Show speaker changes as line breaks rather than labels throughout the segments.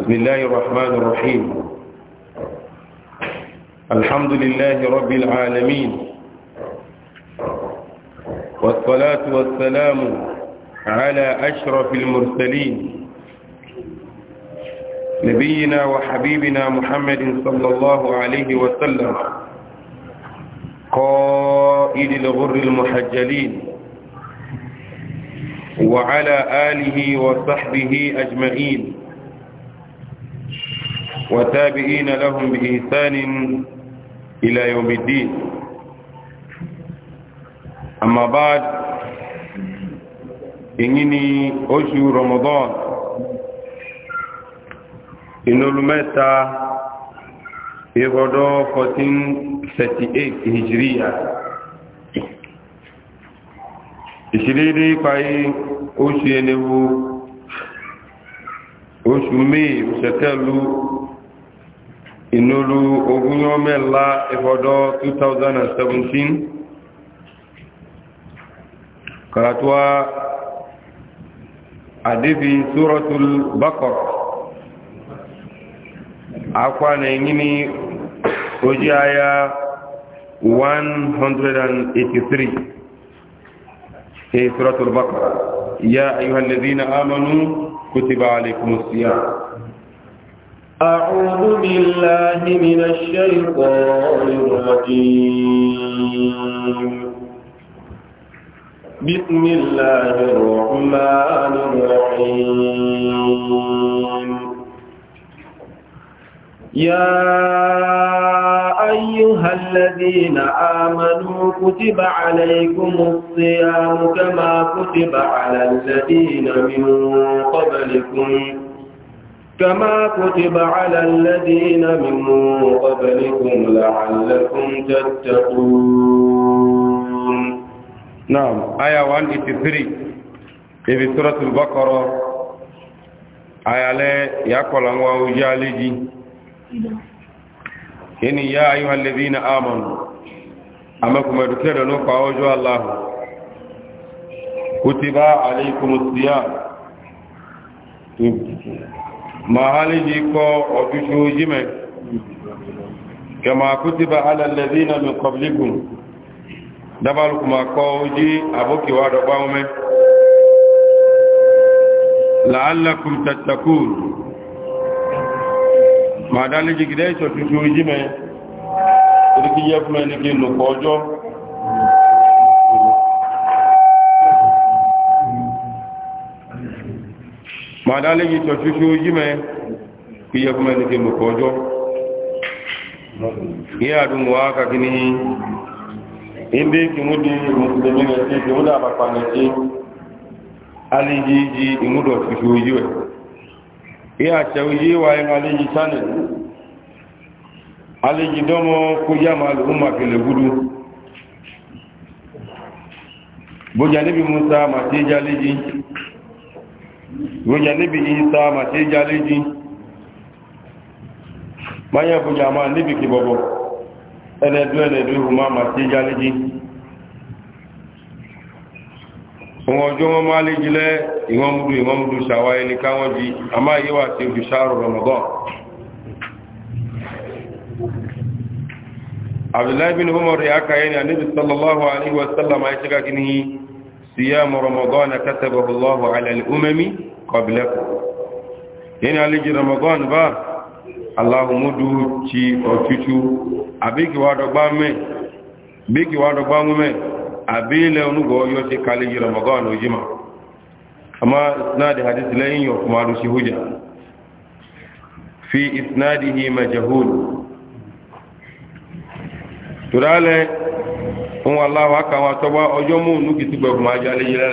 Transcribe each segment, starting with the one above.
بسم الله الرحمن الرحيم الحمد لله رب العالمين والصلاة والسلام على أشرف المرسلين نبينا وحبيبنا محمد صلى الله عليه وسلم قائد الغر المحجلين وعلى آله وصحبه أجمعين وتابعين لهم بإنسان إلى يوم الدين أما بعد إنني أشهر رمضان إنه المتى إغدو 1438 هجرية ìṣìlérí parí oṣù ẹnẹ́wó oṣù mẹ́ẹ̀ oṣù inúlu ogúnyọ́mẹ́lá ẹfọ́dọ́ 2017 karatuwa àdébí suratul bakor akwana yini ojí aya 183 في سورة البقرة يا أيها الذين آمنوا كتب عليكم
الصيام
أعوذ بالله من الشيطان الرجيم بسم الله الرحمن الرحيم يا أيها الذين آمنوا كتب عليكم الصيام كما كتب على الذين من قبلكم كما كتب على الذين من قبلكم لعلكم تتقون نعم
آية 183 في سورة البقرة آية لا يقول أن وجالجي إن يا أيها الذين آمنوا أما كما ذكر نوقع الله كتب عليكم الصيام mahali ji ko ọdúṣù jímẹ̀ kẹma kútíba alàlẹ́dínà mi kọblikun dábàlùkùnmà kọ ojí àbókèwà dọ̀gbà ọmọ la'allakun tattakun ma dálé jigidẹ́ ìṣọ̀tútù jímẹ̀ orí kí fún ẹni kí lùkọ́ ọjọ́ màdá lẹ́yìn tọ́ṣoṣo yímẹ́ kí yẹ fún ẹni tí mo kọ́ ọjọ́ ní àdúgbò wa kàkiri ilé kí wọ́n di mùsùlùmí rẹ̀ sí kí wọ́n dà pàpà rẹ̀ sí alẹ́yìí ìmúdọ̀ ṣoṣo yí rẹ̀ ní àṣẹ yí wa ẹnu alẹ́yìí channel alẹ́yìí dọ́mọ kó yá máa lòún máa fi lè gúdú bójá níbi musa màtíjà lẹ́yìí gonya níbi ìta màtí jálẹ́jì báyẹ̀ fúnjà máa níbi kì bọ̀bọ̀ ẹnẹ̀dú ẹnẹ̀dú ìhùmá màtí jálẹ́jì ohun ọjọ́ wọn máa lè jílẹ̀ ìwọ̀n múdú ìwọ̀n múdú ṣàwá ẹni káwọn jí a máa yíwà tí ojú sáàrù رمضان abdullahi bin umar ya kọbílẹ́kù yẹni alẹ́jì ramadan bá aláhùnmúdú ti ọ̀tútù àbíkìwádọgbá mẹ́ àbílẹ̀ onúgọ́ yóò ti kalẹ́jì ramadan ojima Kama isnadi hadisi lẹ́yìn yọ kuma rú sí hujja fi isnadihi majahul turalẹ̀ fún aláwọ̀ akáwà tọba ọjọ́ mú nù kìtùgbẹ̀kùn lẹ́rẹ̀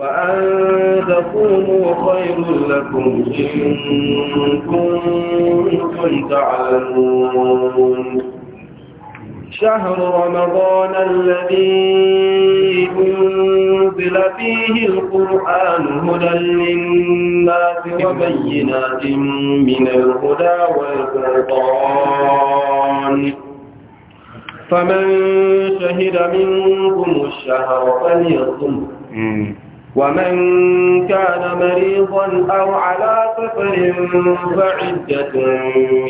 وأن تقوموا خير لكم إن كنتم تعلمون شهر رمضان الذي أنزل فيه القرآن هدى للناس وبينات من الهدى والقرآن فمن شهد منكم الشهر فليصم ومن كان مريضا أو على سفر فعدة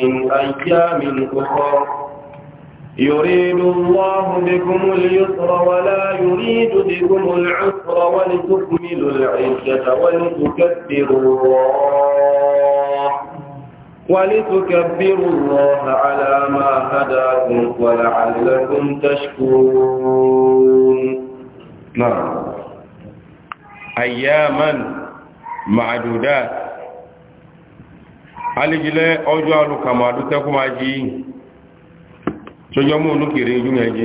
من أيام أخرى يريد الله بكم اليسر ولا يريد بكم العسر ولتكملوا العدة ولتكبروا الله ولتكبروا الله على ما
هداكم ولعلكم
تشكرون
نعم ayyaman ma'adudat alijile ọjọ́ alùkàmọ̀ àdútẹ́kùnmá jí tójọ́ mú olókèrè ijú ẹjí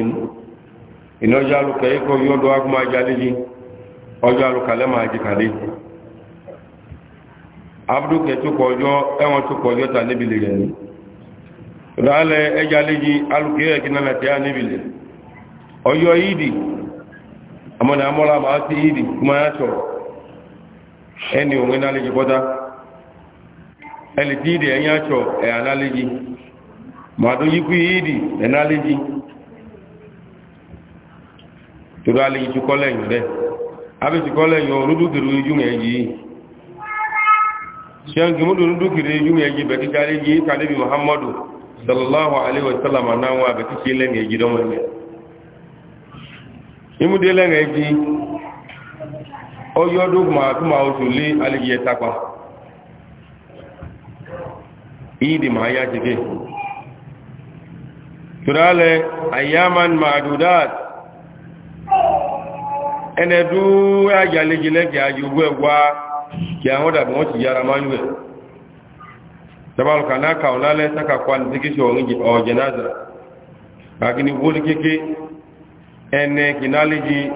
iná ọjọ́ alùkà ikọ̀ yọ́dọ̀ akùnmá jí aléjí ọjọ́ alùkà lẹ́mà jí kàlé abdókẹ́ tó kọjọ́ ẹwọ́n tó kọjọ́ ta níbìlì rẹ̀ ní rálẹ̀ ẹjá aléjí alùkẹ́ ẹ̀kí náà tẹ́ níbìlì ọjọ́ yìí na ní amọ́lá máa ti di máa yá sọ̀rọ̀ ẹni òun iná léjì bọ́dá ẹni tí ìdì ẹ̀yìn àṣọ ẹ̀yà náà léjì máa tó yíkú ìdì ẹ̀ná léjì torí a lè yí tukọ́ lẹ́yìn rẹ̀ abẹ́ tukọ́ lẹ́yìn olúdókèrè ojú yẹn yìí ṣẹ́ǹkì mú olúdókèrè ojú yẹn yìí bẹ̀kíkà léjì muhammadu sallallahu alaihi wasallam imude lẹ́rìn ẹbí ọyọ́ ọdún àtúmọ̀ oṣù lé alẹ́yẹ tapa ìdí máa yá ṣe gẹ́ tùrálẹ̀ àyàmán ma'adudat ẹnẹ̀dú àjàlejì lẹ́kẹ̀ àjògbó ẹgbà kí àwọn dàbí wọ́n ti yára máa ń rẹ̀ tàbálùkà náà kàwọn lálẹ́ sákàkwà ní tíkíṣọ́ ọ̀jẹ̀ náà ene kinaliji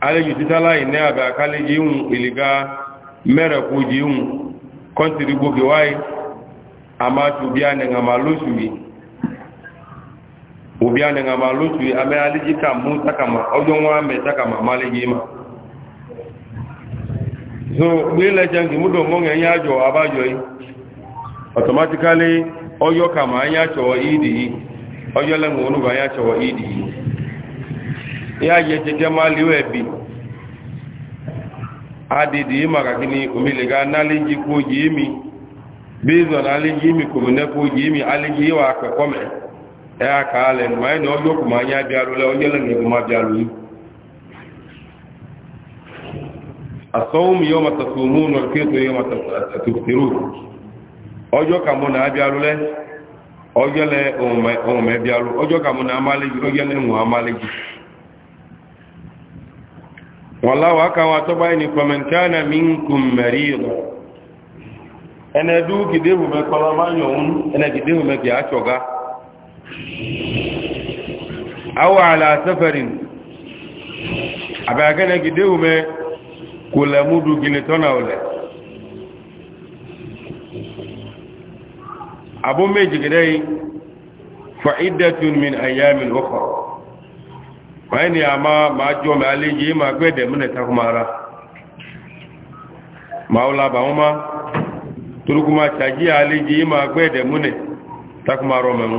aleji titala ine abe akaliji un iliga mere kuji un kontiri gbogi wai ama tu bia ne nga malusu yi ubia ne nga malusu yi ame aliji ka mu takama ojo nwa me takama maliji jo abajo automatically oyo kama ya cho ọjọ́ lẹ́mù onúbà yá ṣọwọ́ ìdí yá yẹ jẹjẹ máa líwẹ̀ bí adìdì màkàkí ni omílẹ̀gá nálẹ́jì kó yìí mi bíìzọ̀ nálẹ́jì mi kò mìnẹ́ kó yìí mi alẹ́jì wà pẹ̀kọ́ mẹ́ ẹ àkà alẹ̀ nù máa ní ọjọ́ kò máa yá bí arú lẹ́ ọjọ́ lẹ́mù ìgbìmọ̀ bí arú yìí asọ́wọ́mù yọ́ mọ̀tàtùmù nọ̀kẹ́tù yọ́ mọ̀tàtùmù ọjọ́ kàmọ́ nà á bí arú ọjọ́ lẹ ohun mẹ́bí alú ọjọ́ kàmù ní amálẹ́jì ọjọ́ lẹ ohun amálẹ́jì wọ́n láwọ́ akáwọn atọ́bá ẹni kọmẹ̀ntánà mi ń kùn mẹ̀rí ìrọ̀ ẹnẹ dú gìdéhùn mẹ́kọlọ máa yọ̀ ń ẹnẹ gìdéhùn mẹ́kì àṣọ̀gá awọ abu mai gẹ́rẹ́ fa'idatun min ayyamin ukhra wáyé ma a máa máa jọ mẹ́ aléjì ma gbẹ́dẹ̀ Taku takumara ma ó lába wọn má torúkú ma ṣàjí aléjì ma gbẹ́dẹ̀ múnẹ̀ takumara mẹ́mú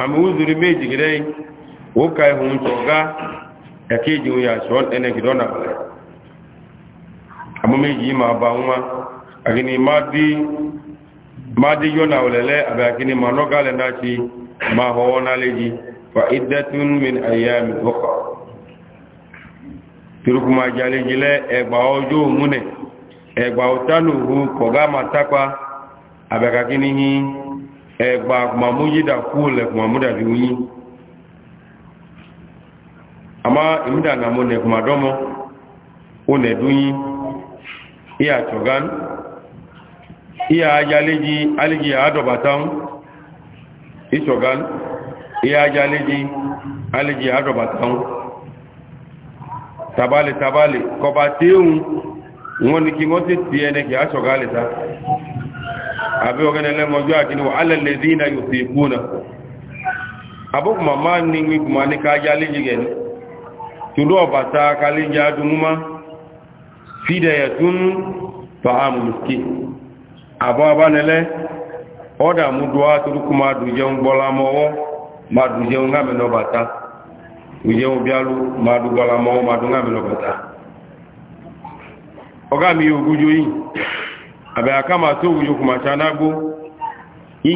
àmì wúzùrí méjì gẹ́rẹ́ wó ka ihun tọ̀gá ẹ̀kéjì òun yà ṣọ́ ẹnẹ́gidọ́nà àmú méjì ma ba wọn akini madi madi yona olele abe akini manoga le nachi ma hoona leji fa iddatun min ayami ukhra turukuma jale jile egba ojo mune egba otanuhu koga matakwa abe akini hi egba mamuji mujida kule kuma muda biuyi ama imida na kuma kumadomo, une dunyi iya chogan iya ajaleji aliji adobatan ishogan iya ajaleji aligi adobatan tabale tabale kọba tíhun wọn ni kí wọ́n ti tí ẹni kí a ṣọ̀gá lè ta àbí ọgẹ́nà lẹ́mọ̀jọ́ àkíní wà alẹ́lẹ́ dínà yóò fi kú náà abúkùnmà máa ní gbígbùnmà ní ká ajá lè jìgẹ̀ ní tùlú ọ̀bàtà kalẹ́jì adùnmúmá àbọ̀ abánilẹ́ ọ́dà múdúwá torúkú máa dùjẹun gbọ́lámọ́wọ́ máa dùjẹun gámìnà bàtá dùjẹun bíálú máa dùgbọ́lámọ́wọ́ máa dùn gámìnà ọgá mi ogújú yìí àbẹ̀ àkámà tó kù máa ṣanágbó ń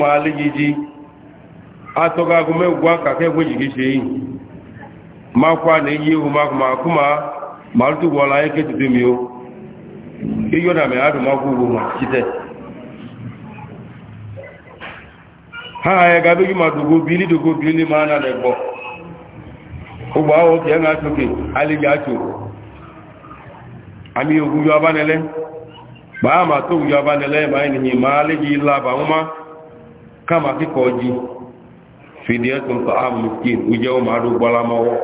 máa atọga agụme ugwa ka ka egweji gị chee ihi makwa na eyi ihu makụ ma akụ ma ma rụta ugwọla anyị ka etutu mio na mere adụ makwa ugbo ma chite ha ha ya gabe ma dogo bili dogo bi ma na na egbo ugbo ahụ ya na-achụ ke alịghị achụ ma ma nwụma kama kịkọ ji fidiyatun ta'am miskin ujaw madu balamawo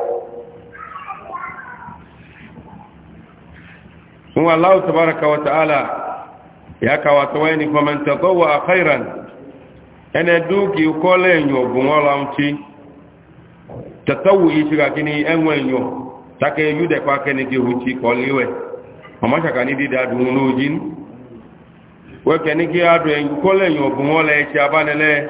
huwa allah tabaaraka wa ala ya ka wa tawani faman taqawwa khairan ana duki ukole nyo bungola mchi tatawu ishika kini enwe nyo take yude kwa kene ki huchi koliwe amasha kani dida dununujin we kene ki adu en ukole nyo bungola echi abanele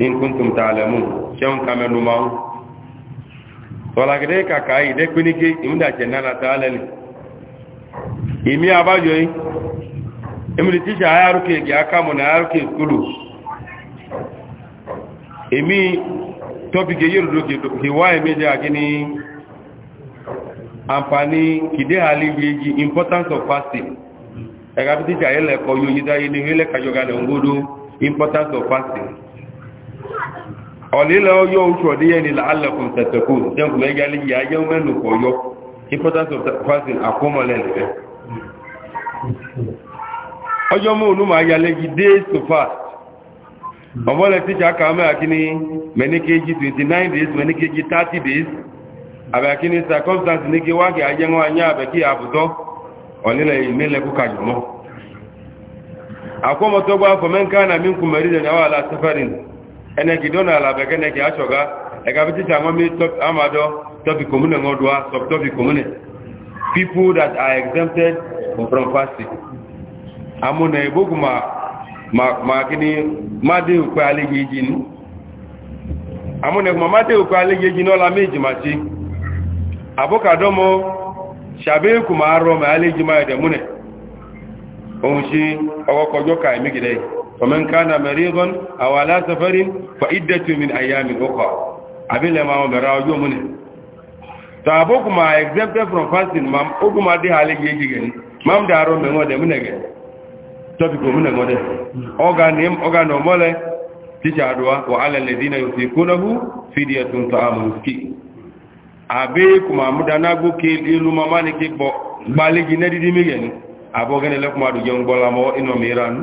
in kuntum ta'lamun shawun kamenu mawu tolagide ka kai de kunike imda ce nana ta'alali imi abajo yi imri tisha ayaru ke gi aka mu na ayaru ke kulu imi topic ye yiru ke ki wa imi je agini ampani kide hali importance of fasting ẹgbẹ́ tíṣà ilẹ̀ kọ yóò yídá yìí ní ilẹ̀ kàjọ́gà lẹ́ngbódó importance of fasting ọ̀lélẹ̀ ọyọ́ oṣù ọ̀díyẹ́ ni làálẹ̀kùn tẹ̀tẹ̀kù jẹ́kùn mẹ́gálí yà jẹ́ mẹ́nu kọ̀ yọ importance of fasting àkómọ̀lẹ̀ nìfẹ́ ọjọ́ mọ́ olúmọ̀ ayalẹ́ yìí days to fast ọmọlẹ̀ tíṣà kàmẹ́ àkíní mẹ́níkéjì 29 days mẹ́níkéjì 30 days àbẹ̀ àkíní circumstance ní kí wákì ajẹ́wọ́n anyá àbẹ̀ kí àbùtọ́ ọ̀lélẹ̀ ìmẹ́lẹ̀kù kàjùmọ́ àkómọ̀tọ́gbà fọmẹ́ńkà nà mí kùmẹ̀rí eneki dona la be keneki achoga ega biti changwa mi top amado topic commune ngodwa sub topic commune people that are exempted from fasting amuna ebuguma ma ma kini made ukwe alege jini amuna ebuguma made ukwe meji shabe ma ma ومن كان مريضا أو على سفر فعدة من أيام أخرى أبيل ما أمرا يومنا تابوك ما exempted from fasting mam oguma de hale yeji gani mam daro me ngode munege tobiko munege ngode oganim ogano mole ticha adwa wa ala alladhina yusikunahu abe kuma mudana ilu mamani na abogene kuma ino miranu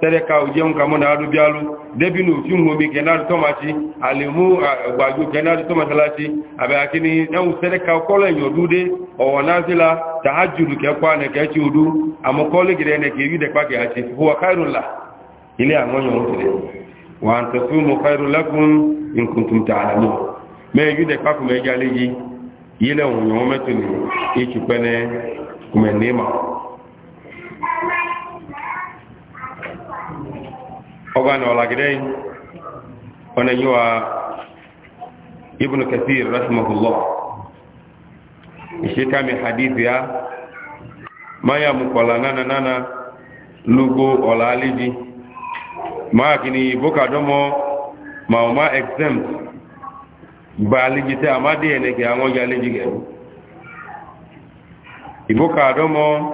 tẹ́rẹ́ka òjẹun kàmọ́ náà ló bí alú débìnú tí ń homi kẹ́nàdù tọ́màtí àlèmú àgbàjò kẹ́nàdù tọ́màtàláti àbẹ̀yàkí ni ẹ̀hùn tẹ́rẹ́ka kọ́lọ̀ èèyàn dúdé ọ̀wọ̀ náà sí la tàájùlù kẹ́kọ́ ànẹ̀kẹ́ tí ó dú àmọ́kọ́lẹ̀gẹ̀rẹ̀ ẹ̀nẹ̀kẹ́ yídẹ̀pá kẹ́ ogana olagidai ona yiwa ibn kathir rahimahullah ishikami hadithi ya maya mukola nana nana lugo olaliji maakini boka domo maoma exempt baaliji te amadi eneke ango yaliji gebu iboka domo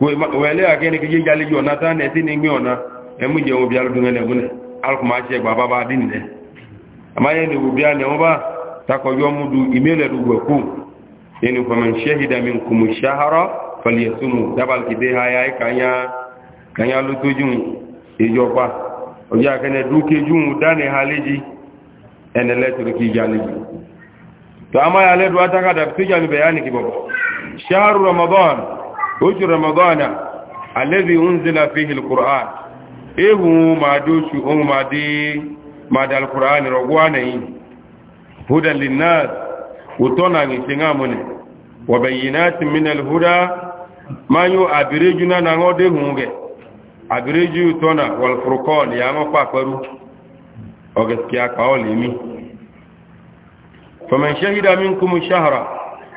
wẹ̀lẹ́ àkẹ́ni kí jíjá lẹ́jọ́ ọ̀nà tánà tí ní gbé ọ̀nà ẹmú jẹ obi alùdún ẹlẹ́gúnlẹ̀ alùkùnmá ṣe bá bá dínì lẹ́ àmáyé ni obi e a ní wọ́n bá takọjọ́ múdu ìmẹ́lẹ̀ dùgbẹ̀kú ẹni fọmọ̀n ṣẹ́hìdàmí kùmù ṣáhárọ́ fọlìyẹ̀sùmù dábàlùkìdé ayá kanyá lótójúun ìjọba ọjọ́ àkẹ́ni dúkéjúun dání haléjì ẹni lẹ́tọ̀rọ̀kì ìjà lẹ́jì tó àmáyé alẹ́dùn atákàdà tó jà ní bẹ̀yà ní ramadan oṣù ramadan alẹ́bí ounzila fihi alkur'an ehun ma dóṣù ohun ma dé ma dá alkur'an rọgbọ́n nẹ̀yìn hudan na ní ṣe ń àmúnẹ̀ wàbẹ̀yìnáti huda ma yóò àbíréjú náà na wọ́n dé gẹ̀ àbíréjú tọ́nà wàlfurkọ́ọ̀lì àwọn pàpẹrú ọ̀gẹ̀sìkí àkàọ́ lèmi fọmọ̀ ṣẹ́hídà mínkùmù ṣáhara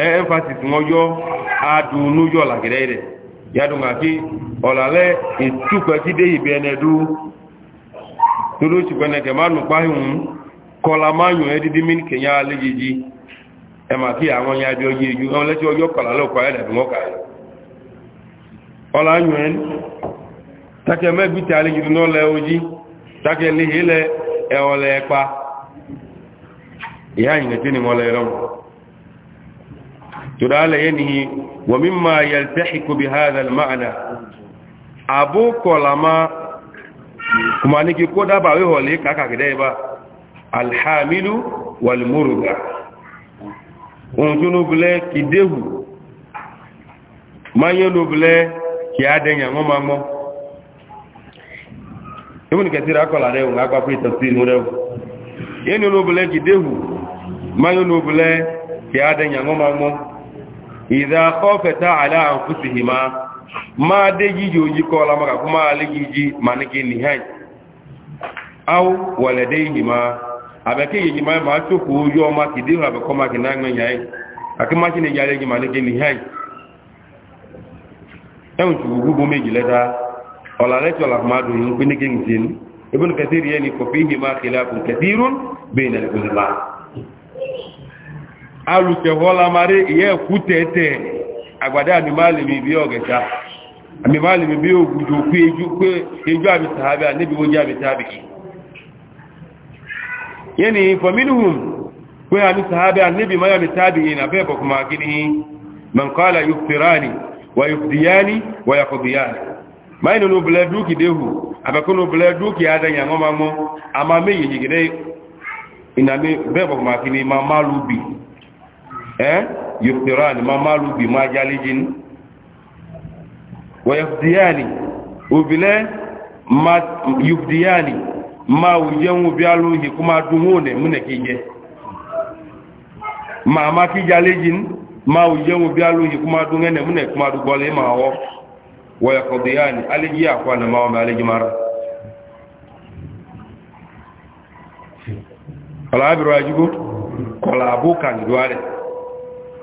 emphasis ŋɔyɔ adu nuyɔ la gɛrɛ yɛrɛ yadu ŋa ki ɔlalɛ etukpɛti de yi bɛnɛ du tolo tukpɛnɛ kɛmɛ anu na ŋu kɔla ma nyɔ ɛdidi mi kɛnyɛ alɛ dzidzi ɛma ki àwọn ya bi ɔyɛ ju ɔlɛ ti ɔyɔ kɔla ìyẹn tí ni تدال ينهي ومما يلتحق بهذا المعنى أبو كلما كما نكي كودا باوي هولي كاكا كدايبا الحامل والمرضى onjunu bile kidehu manyelu bile ya adenya ngoma ngo ibn kathira akola de nga kwa ki adenya ngoma ngo idha khafata ala anfusihima ma deji joji ko la maka kuma aligiji manike ni hay aw waladayhima abake yiji ma ma to ko yo ma kidi ha be ko ma kina ngwe nyai akima kini jale ji manike ni hay en tu gugu meji leta ola le to la ma do yin ko ni kin ibn kathir yani ko fihi ma khilafun kathirun bayna al-ulama alùkẹ̀họ́lá marí ìyẹ́ ẹ̀kú tẹ́ẹ̀tẹ́ àgbàdá àmìmáàlìmì bí ọ̀gẹ̀ta àmìmáàlìmì bí ògùdò pé ejú àmìtàábí níbi ó jẹ́ àmìtàábí yẹ́ ni fọmínúhùn pé àmìtàábí níbi máa àmìtàábí yìí nàbẹ́ ẹ̀kọ̀kùnmá kí ni mọ̀kálà yóò fìrání wà yóò fìdíyání wà yà fọ̀bìyàní máyìn nínú bẹ̀lẹ̀ dúkì déhù àbẹ̀kọ́nù bẹ̀lẹ̀ máa máa bìí eh yuftirani ma malu bi ma jalijin wa yufdiyani ubile ma yufdiyani ma ujenwu bi aluhi kuma dumune mune kije ma ma ki jalijin ma ujenwu bi aluhi kuma dungene mune kuma dugole ma wo wa yaqdiyani aliji akwa na ma ma aliji mara kala abiru ajugo kala abukan duare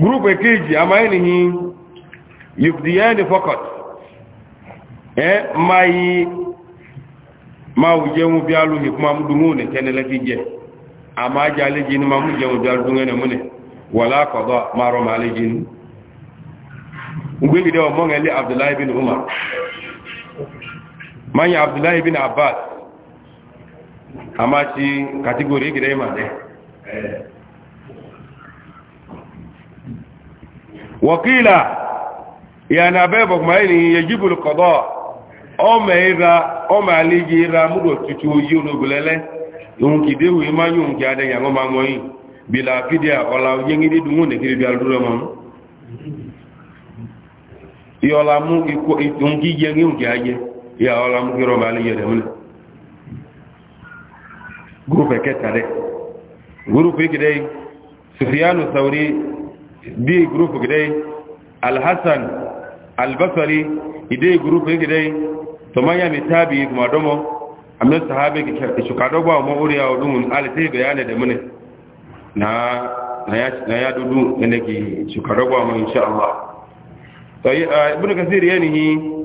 gúrùpù èkejì àmáyìnì ni yùfdíyàní fọ́kọ̀t ẹ máa yí máa wù jẹun bí alóhì fún amúdùmú ní kẹ́nilẹ́kí jẹ àmá jẹ aléjì ní máa mú jẹun bí wala ní múnẹ̀ wà lákọ̀ọ́dọ̀ máa rọ máa ọmọ abdullahi bin umar abdullahi bin abbas wakila yana bebo kumaini yajibu lkodo ome ira ome aliji ira mudo tutu oyi olobulele ohun kide wu ima yi ohun ki ade yango ma ngo yi bila fidia ola yengidi dungu ne kiri bi aluduro ma mu iola mu iko ohun ki yengi ohun ki aje ya ola mu kiro ma alije de mune gurupe keta de gurupe kide sufiyanu sauri bi group gidai alhassan albasari idai group gidai to manya mai tabi kuma domo amma sahabe ki shuka dogba mu uriya odun alti bayane da mune na na ya dudu ne ki shuka dogba mu insha Allah to ibn kathir yanihi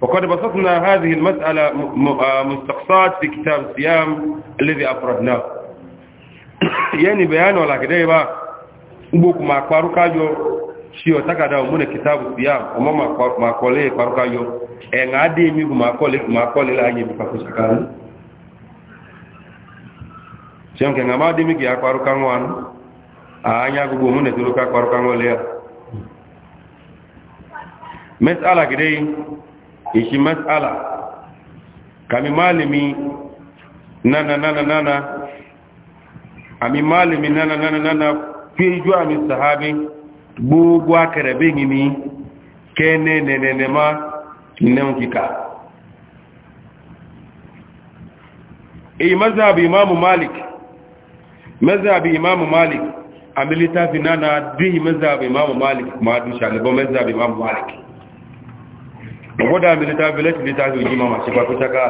وقد بسطنا هذه المسألة مستقصات في كتاب الصيام الذي أفردناه يعني بيان ولا كده بقى ngbo kuma kparuka yo si o takada o mune kitabu siyam o ma ma kole kparuka yo e nga de mi kuma kole kuma kole la ye buka kusakan sion ke nga ma de mi ya kparuka ngwan a anya gugu mune turuka kparuka ngole mas'ala gidei ishi mas'ala kami malimi nana nana nana ami malimi nana nana nana fi ju ami sahabi gbogbo akẹrẹbẹ yìí ni kẹ́ẹ̀nẹ́ nẹ̀nẹ̀nẹ̀má ìnẹ́hùn kíkà èyí mẹ́sàbí imamu malik mẹ́sàbí imamu malik amílítà fi náà dìí mẹ́sàbí imamu malik máa dùn ṣàlẹ̀bọ́ mẹ́sàbí imamu malik ọgbọ́dá amílítà fi lẹ́tì lítà fi òjì máa ṣe pàtó ṣáká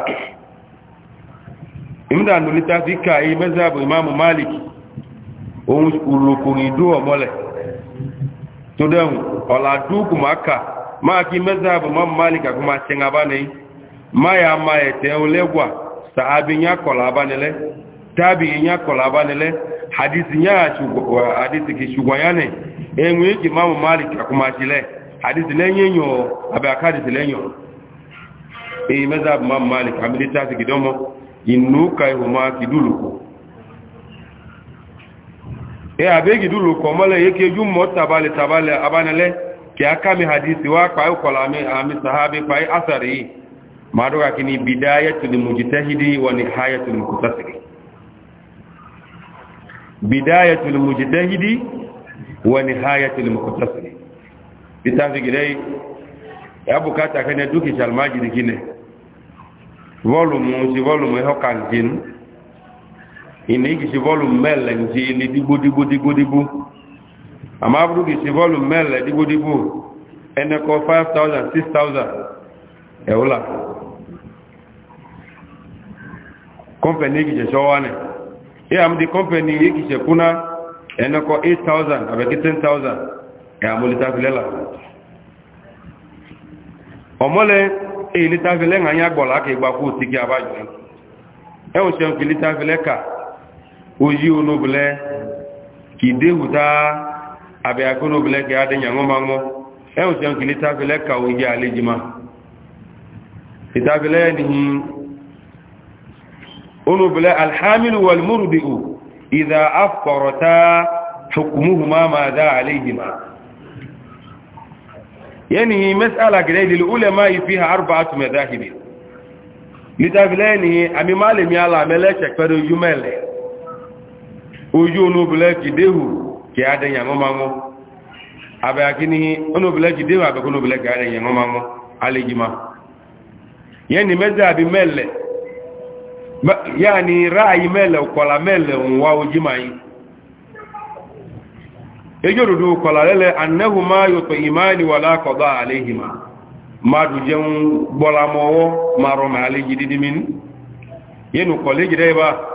ìmúdànù lítà fi ká èyí mẹ́sàbí imamu malik ohun ulukuri du ọmọlẹ̀ tó dẹ̀hùn ọ̀là dúkù máa kà máa kí mẹ́sàbù máa malik àkúmà ṣẹ́ngà bá ní máa yà máa ẹ̀tẹ́ olẹ́gbà sàábì yá kọ̀lá abánilẹ́ tábì yá kọ̀lá abánilẹ́ hadisi yá hadisi yá ní máa malik àkúmà ṣílẹ̀ hadisi lẹ́yìn àbẹ̀ máa e abegi dulu ko mala yake jummo tabale tabale abanale ki akami hadisi wa kwa ukola mi ami sahabi kwa athari madoka kini bidayatul mujtahidi wa nihayatul muqtasiri bidayatul mujtahidi wa nihayatul muqtasiri bitafi gidai ya bukata kana duki shalmaji dikine volume si volume ìní kì sí bọ́ọ̀lù mẹ́lẹ̀ ti ní dígbódígbódígbódígbó àmá búrú kì sí bọ́ọ̀lù mẹ́lẹ̀ dígbódígbó ẹnẹkọ 5,000 6,000 ẹ̀wọ́là kọ́mpẹ̀ní ìkìṣẹ̀ ṣọ́wá nẹ̀ ẹ àmúdi kọ́mpẹ̀ní ìkìṣẹ̀ kúná ẹnẹkọ 8,000 àbẹ̀kí 10,000 ẹ̀ àmúlítàfilẹ́là ọmọlẹ́ èyí lítàfilẹ́ ń àyàgbọ̀lá kì gbà kú ti kí abájọ́ ẹ̀wọ̀n ṣe ń fi lítàfilẹ́ kà oyi onobule kide huta abe agonobule ke ade nyango mango e o se nkili ta bele ka oyi alejima ita bele ni onobule alhamil wal murdiu idha afqarata hukmuhuma ma za alayhima yani mas'ala gidai lil ulama fiha arba'atu madahib litafilani ami malami ala mele chekpedo yumele ojú onóbìlẹ́kì déhù kí á dẹ̀yà mọ́mọ́ abẹ́ akíní onóbìlẹ́kì déhù abẹ́kọ́ onóbìlẹ́kì á dẹ̀yà mọ́mọ́ alẹ́jìmá yẹ́ ni mẹ́sẹ̀ àbí mẹ́lẹ̀ ni ráàyí mẹ́lẹ̀ mele mẹ́lẹ̀ ń ojímá yìí ejo dodo kọ̀là lẹ́lẹ̀ anẹ́hùmá máa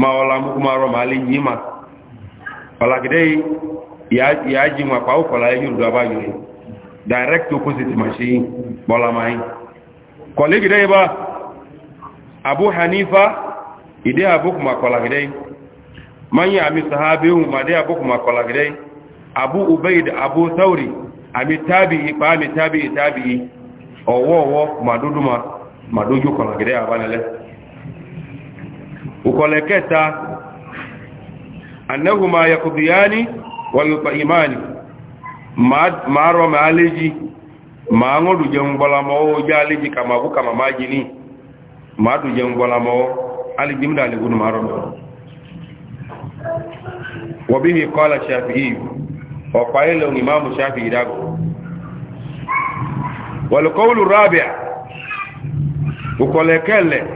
ma ọla mukuma rọ ma alẹ yìí ma ọlàgídẹ́ yìí yàá jí wọn pàwọ́ kọ̀lá yìí yorùbá bá yìí direct opposite ma ṣe yìí bọ́lá ma yìí kọ̀lẹ́gídẹ́ yìí bá abu hanifa ìdí abúkuma kọ̀làgídẹ́ yìí manyan àmì sahabi ohun ma dé abúkuma abu ubaid abu sauri àmì ipa àmì tábì tábì ọwọ́ ọwọ́ màdúdú ma màdójú kọ̀làgídẹ́ àbánilẹ́ ukoleketa keta annahuma yaqdiyani wa yut'imani marwa maaliji maango jengbola mo jaliji kama buka mamaji ni madu jengbola mo aliji mda aligunu maro wa bihi qala shafi'i wa qaila imam shafi'i dago wal qawlu ukolekele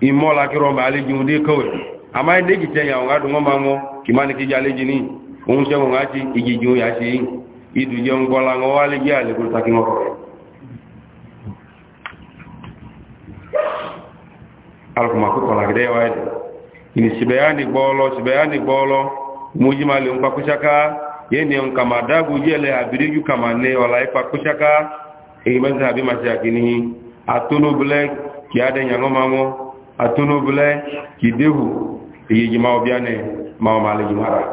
imola kiromba aliji ndi kowe ama ndegi te ya ngadu ngoma ngo kimani kijale jini unche ngo ngati igiju ya chi idu je ngola ngo wale jale kulitaki ngo alkuma ko kola gede wa ni sibayani bolo sibayani bolo mujimali umpa kushaka yeni on kama dagu jele abiriju kama ne wala ipa kushaka e manza bi mashakini atunubulɛ kidehu eyejimawo biane mawo mara.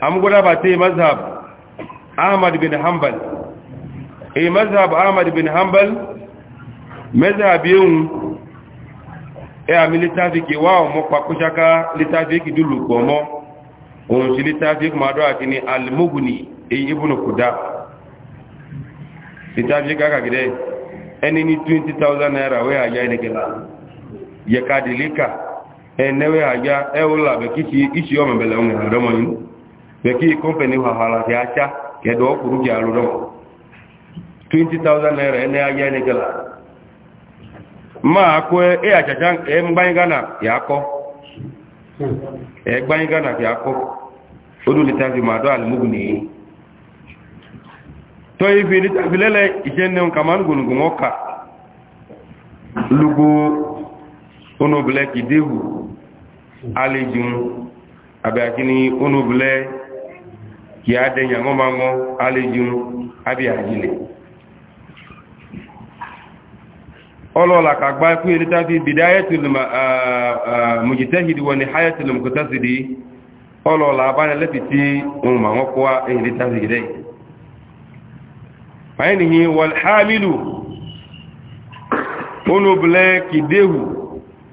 amgoda bate mazhab ahmad bin hanbal e mazhab ahmad bin hanbal mazhab yewu e ami litafi ki wa mo pakushaka litafi ki dulu gbomo ohun si litafi ma do ati ni almugni e ibnu kuda litafi kaka gide ẹni ní 20,000 naira wẹ́ àjá ẹnìkẹta yẹ̀kadì líkà ẹnẹ́wẹ́ àjá ẹwọ́là bẹ̀kíkì iṣi ọmọ ìbẹ̀lẹ̀ ohun ìrọ̀dọ́mọ̀ yìí bẹ̀kí kọ́mpẹ̀ní wàhálà tí a ṣá kẹ̀dọ̀ ọkùnrù kí alódọ́mọ̀ 20,000 naira ẹnẹ́ àjá ẹnìkẹta máa kọ́ ẹ àjàjá ẹgbáyín gánà yàkọ́ ẹgbáyín gánà yàkọ́ odúlítàfi màdọ́ àlùmọ́gùn nìyí tọ́ ife ní tàbílẹ́lẹ̀ iṣẹ́ ní ọkà máa ń gùnùgùn ọkà lúgbó onóbìlẹ̀ kìdéhù alejun àbíàkí ní onóbìlẹ̀ kì á dẹ̀yà mọ́mọ́ alejun abíàjílẹ̀ ọlọ́ọ̀lá kàgbá kú èdè tàbí bidayatul mujitahid wa nihayatul muqtasidi ọlọ́ọ̀lá abánilẹ́fì tí òun màwọn e kọ́ èdè tàbí gidẹ́yìí ainihi walhamilu onobule kidehu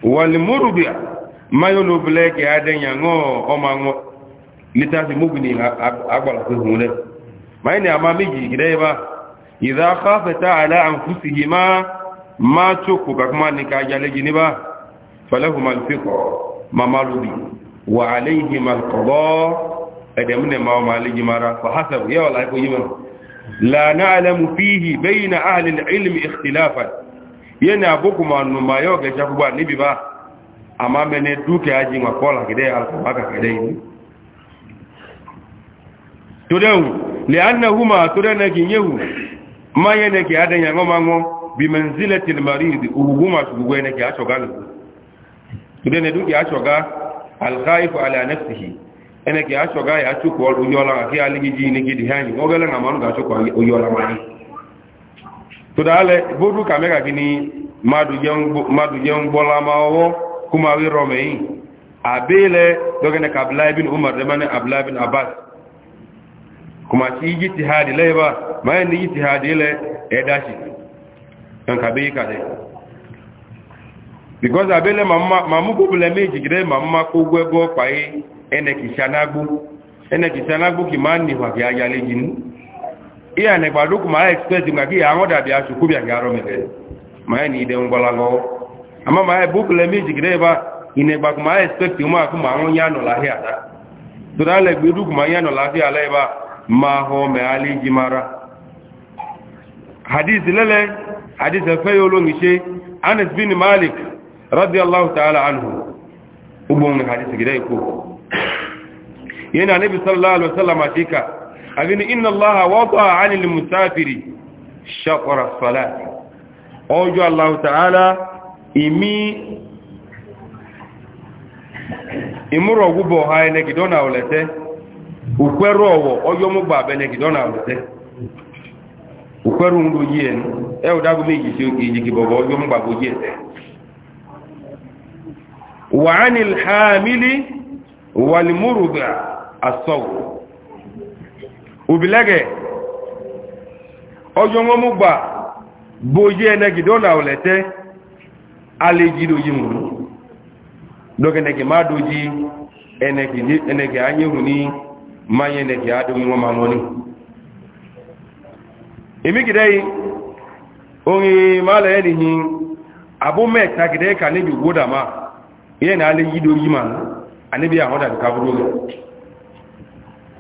walmurubiya mayo onobule ki adenya ngo oma ngo litasi mugni agbala ko hunle mayni ama miji gideba idha khafata ala anfusihima ma choku ka kuma ni tuku kakuma nikajale jiniba falahuma alfiqr mamalubi wa alayhima alqada edemne ma ma alijimara fa hasab ya wala ko yimana la na'lamu fihi bayna ahli al-ilm ikhtilafan yana bukuma numa yo ga jakuba nibi ba amma mene duke aji ma kola kide alfaka kide ni tudau li'annahuma tudana ginyehu ma yana ke adan yango mango bi manzilati al-marid uhuma shugo yana ke acho galu tudene duke ala nafsihi ene ke acho ga ya chu ko la ke aligi ji ni gidi hanyi ogele na manu ga chu ko uyola mani to dale bodu kamera gini madu jeng madu jeng bola mawo kuma wi romei abele dogene ka abdullah ibn umar de mane abdullah ibn abbas kuma ci ijtihadi leba ma ni ijtihadi le edashi kan ka be ka de because abele mamma mamu ko bele meji gire mamma ko gwego pai enekichanagbo ki ma nni hwa gị ayala ji ịya na gbadokwu ma ha ekspeti maka ihe ahụ dabi achukwu bịa gị arụ mere ma ya na ide ngwalagọ ama ma ya bụ kele me ma ha ekspekti ụmụakwụ ada ala ebe a hụ mara ya bin malik radiyallahu ta'ala anhu ugbon gida yana nabi sallallahu alaihi wasallam atika abin inna allaha wada'a 'anil musafiri shaqra salati ojo allah ta'ala imi imuro gubo ha ene gidona olete ukweru owo ojo mu gba bene gidona olete ukweru ndo yi en e o dagu meji ti o kiji ki bobo ojo mu gba goje wa 'anil hamili wal murdi'a asọwụ ubilege ọjọ nwomu bụ oji enegide ọ na-olete ala ejiri oji nwụrụ dogenege mmadụ ji enege ni mmanya enege ma nwụrụ emigide onye abu ka dama na ma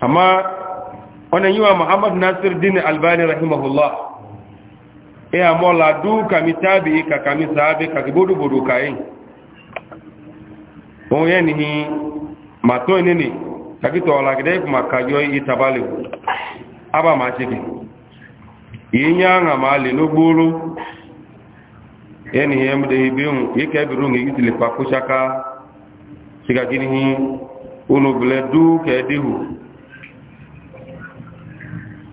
amma wannan yi wa muhammad nasir din albani rahimahullah e amma ladu kami tabi ka kami sahabi ka bodu bodu kayin o yani hi mato ni ni taki to la gide kuma ka yo yi tabali aba ma se ke yinya nga ma le no gboro yani he mu de yi ke biru ngi yitile pa ko shaka gini hi uno bledu ke dehu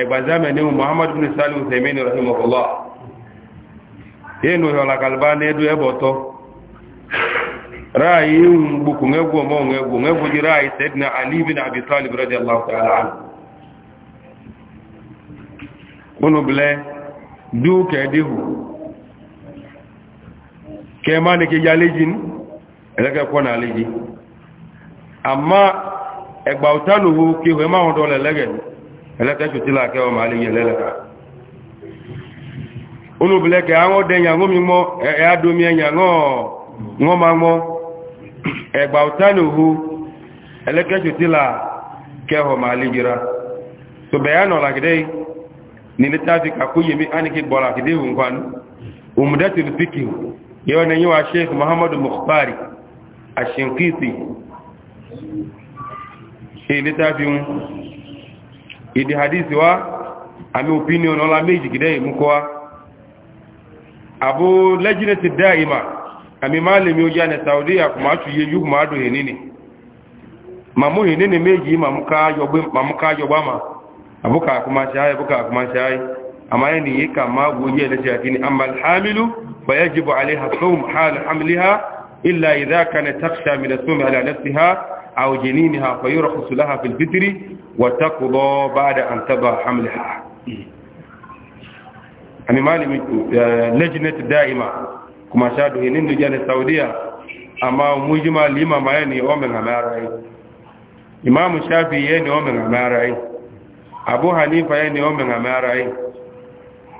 ẹgbàzámẹ̀ ní muhammad bin salim sẹ̀mínú rahimahullah yínú yọ̀lá kalba ní ẹdú ẹbọ̀tọ́ ráàyí ń gbùkù ẹgbù ọmọ ẹgbù ẹgbù jí ráàyí sẹ́dínà alìbìn àbìtọ́lì bírọ́dì aláwọ̀ àmá ẹgbà òtánù wo kí o ẹmáhùn dọ́lẹ̀ lẹ́gẹ̀ẹ́ ẹlẹ́tẹ́jù tí láàkẹ́ ọmọ alẹ́ yẹ lẹ́lẹ́ta olùbìlẹ́kẹ̀ àwọn ọdẹ̀yàngó mi mọ́ ẹ̀ẹ́dómi ẹ̀yàngọ́ ma mọ́ ẹgbà òtánìhù ẹlẹ́kẹ́jù tí láàkẹ́ ọmọ alẹ́ yẹra tó bẹ̀yànà làkìdẹ́ ní lítàfi kàkóyèmí ánìkí ni yíwa sheikh muhammadu mukhtari ashinkiti ṣe lítàfi wọn ìdí hadisi wa àmì opinion ọlá méjì gidẹ́ ìmúkọ́ wa àbó lẹ́jìnlẹ̀ ti dá ìmà àmì máa lè mi ó yá ní saudi àkùmáṣù yé yú máa dò hìní ni màmú hìní ni méjì màmúká yọgbá ma àbúkà àkùmáṣe ayé àbúkà àkùmáṣe ayé àmà yẹn nìyí kà máa wo yé ẹlẹ́sẹ̀ àkíní àmàlì hamilu fayẹ́jìbọ̀ àlẹ́ hasum au jininiha fayurakhsu laha fil fitri wa taqda ba'da an taba hamlaha ani malimi eh, lajnat daima kuma shadu hinin jana saudiya amma mujima lima mayani omen amarai imam shafi yeni omen amarai abu hanifa yeni omen amarai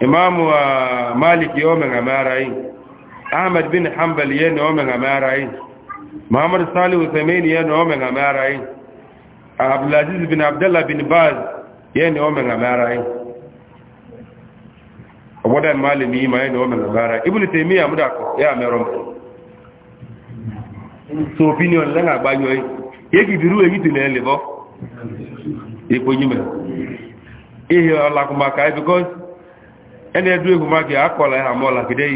imam ah, malik omen amarai ahmad bin hanbal yeni omen amarai muhammad salihu semaini yẹn ni ọmọ ẹ̀ngàmẹ́ ara yìí abdulaziz bin abdullah bin baz yẹn ni ọmọ ẹ̀ngàmẹ́ ara yìí ọgbọ́dá ìmáàlì ní ìmọ̀ yẹn ni ọmọ ẹ̀ngàmẹ́ ara yìí ibùdó tèmi àmúdàkọ̀ yẹ àmẹ́rọ mọ̀ so opinion lẹ́nà àgbáyọ yìí yẹ kì í dirú èyí tìlẹ̀ ẹ̀ lè bọ́ èpo yìí mẹ́ ihe ọ̀làkùnmàkà yìí because ẹni ẹdú èkùnmàkà akọ̀ọ̀là ẹ̀ àmọ́ ọ̀làkìdẹ́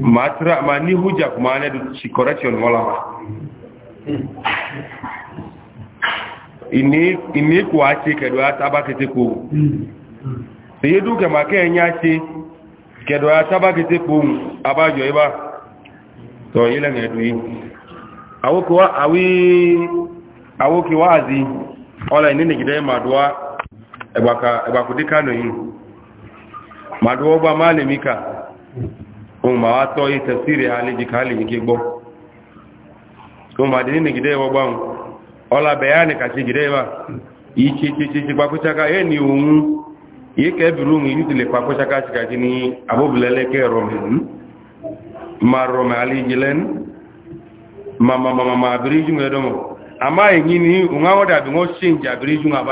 ma tra ma ni huja kuma ne ci correction wala ini ini ku ache kedo ataba kete ko ye du ke ma ke nya che kedo ataba kete ko abajo iba to ile nge du yi awo ko awi awo ki wazi ola ini ne gidai maduwa ebaka ebakudika no yi maduwa ba malemika kun eh, ma wa to yi tafsiri haliji kali yake gbo kun ma dini ne gide gbo ola bayani ka ci gide ba yi ci ci ci ci pakuta ka yeni ohun yi ke biru mu yi ke romi ma romi haliji len ma ma ma ma abiriju mu edomo amma yi ni unga wada bi ngo change abiriju nga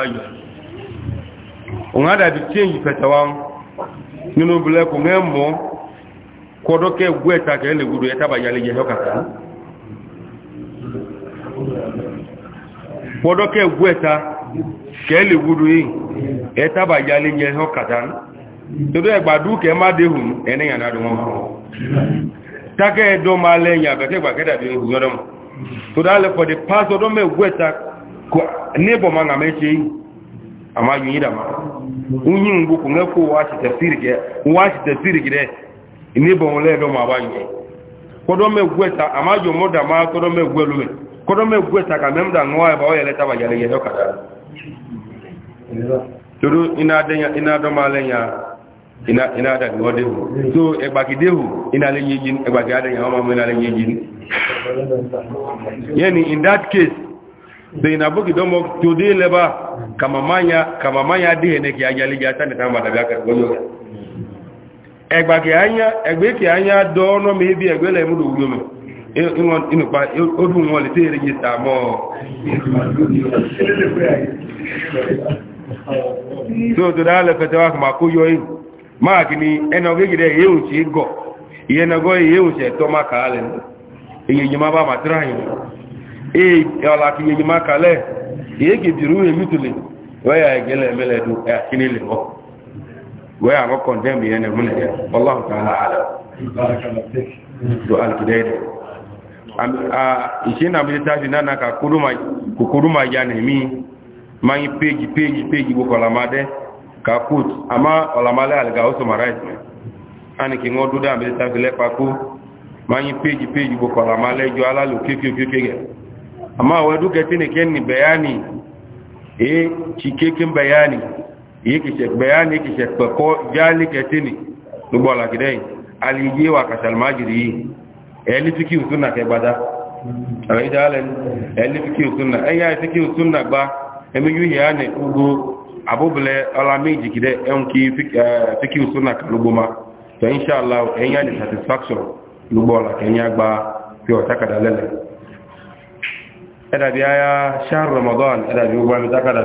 unga da bi change fetawa nínú bulẹ́kùn mẹ́mọ́ kɔdɔkɛ gu ɛta kɛ le gudu ɛta ba yali yɛ hɔka kan kɔdɔkɛ gu ɛta kɛ le gudu yi ɛta ba yali yɛ hɔka kan todo ɛgba du kɛ ma de hun ɛne yana do ŋɔ takɛ dɔ de paasɔ dɔ mɛ gu ɛta ko ne bɔ ma ŋa siri kɛ waa siri kɛ ini bon le do ma wanyo kodo me gweta amajo moda ma kodo me gwelu me kodo me gweta ka mem da ngwa ba oyele ta bajale ye do kada toro ina de ina do ma le nya ina ina da ngode ho so e gbaki de ho ina le yijin e gbaki ada nya o ma mo ina le yijin yani in that case de ina boki do mo to de le ba kama manya kama manya de ne ki ajali ja tan ta ma da ba ka goyo ẹgbàgì anya ẹgbẹ́kì anya dọ́ ọ́nà mi bí ẹgbẹ́ lẹ́mú lòwúrò mi inúpa odún wọn lè tẹ́rẹ yìí tààmọ́ tí ó tó dá lẹ́fẹ̀ẹ́ wá kàmà kó yọ ihe máa kì ní ẹnà gẹ́gẹ́dẹ́ yíò ṣe gọ̀ ìyẹnagọ́ yíò ṣe tọ́ má kàá lẹ́nu èyí má bá má waya ga condemn yana mun da wallahu ta'ala
ala du'al kidai
a ishe na mi tafi nana ka kuruma kukuruma ya ne mi man page page page go kala made ka kut ama ola male al ga oso marais me ani ki ngodu da mi tafi le paku man page page go kala male jo ala lo keke keke ge ama wedu ke tini ken bayani eh chikeke bayani yikishe bayani yikishe ko jali ketini nubo la kidai alije wa kasal majiri eli fiki sunna ke bada ala jalen eli fiki sunna aya fiki ugo abubule ala meji kide enki fiki eh, sunna kalubuma to insha Allah enya ni satisfaction nubo la kenya gba fi o takada lele eda biya shahr ramadan eda biya gba mi takada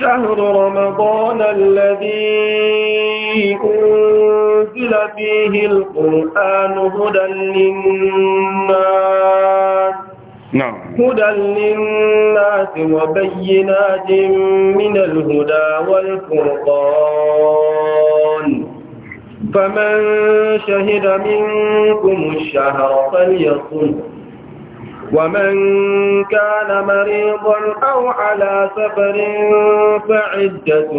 شهر رمضان الذي أنزل فيه القرآن هدى للناس نعم هدى للناس وبينات من الهدى والفرقان فمن شهد منكم الشهر فليصمه ومن كان مريضا أو على سفر فعدة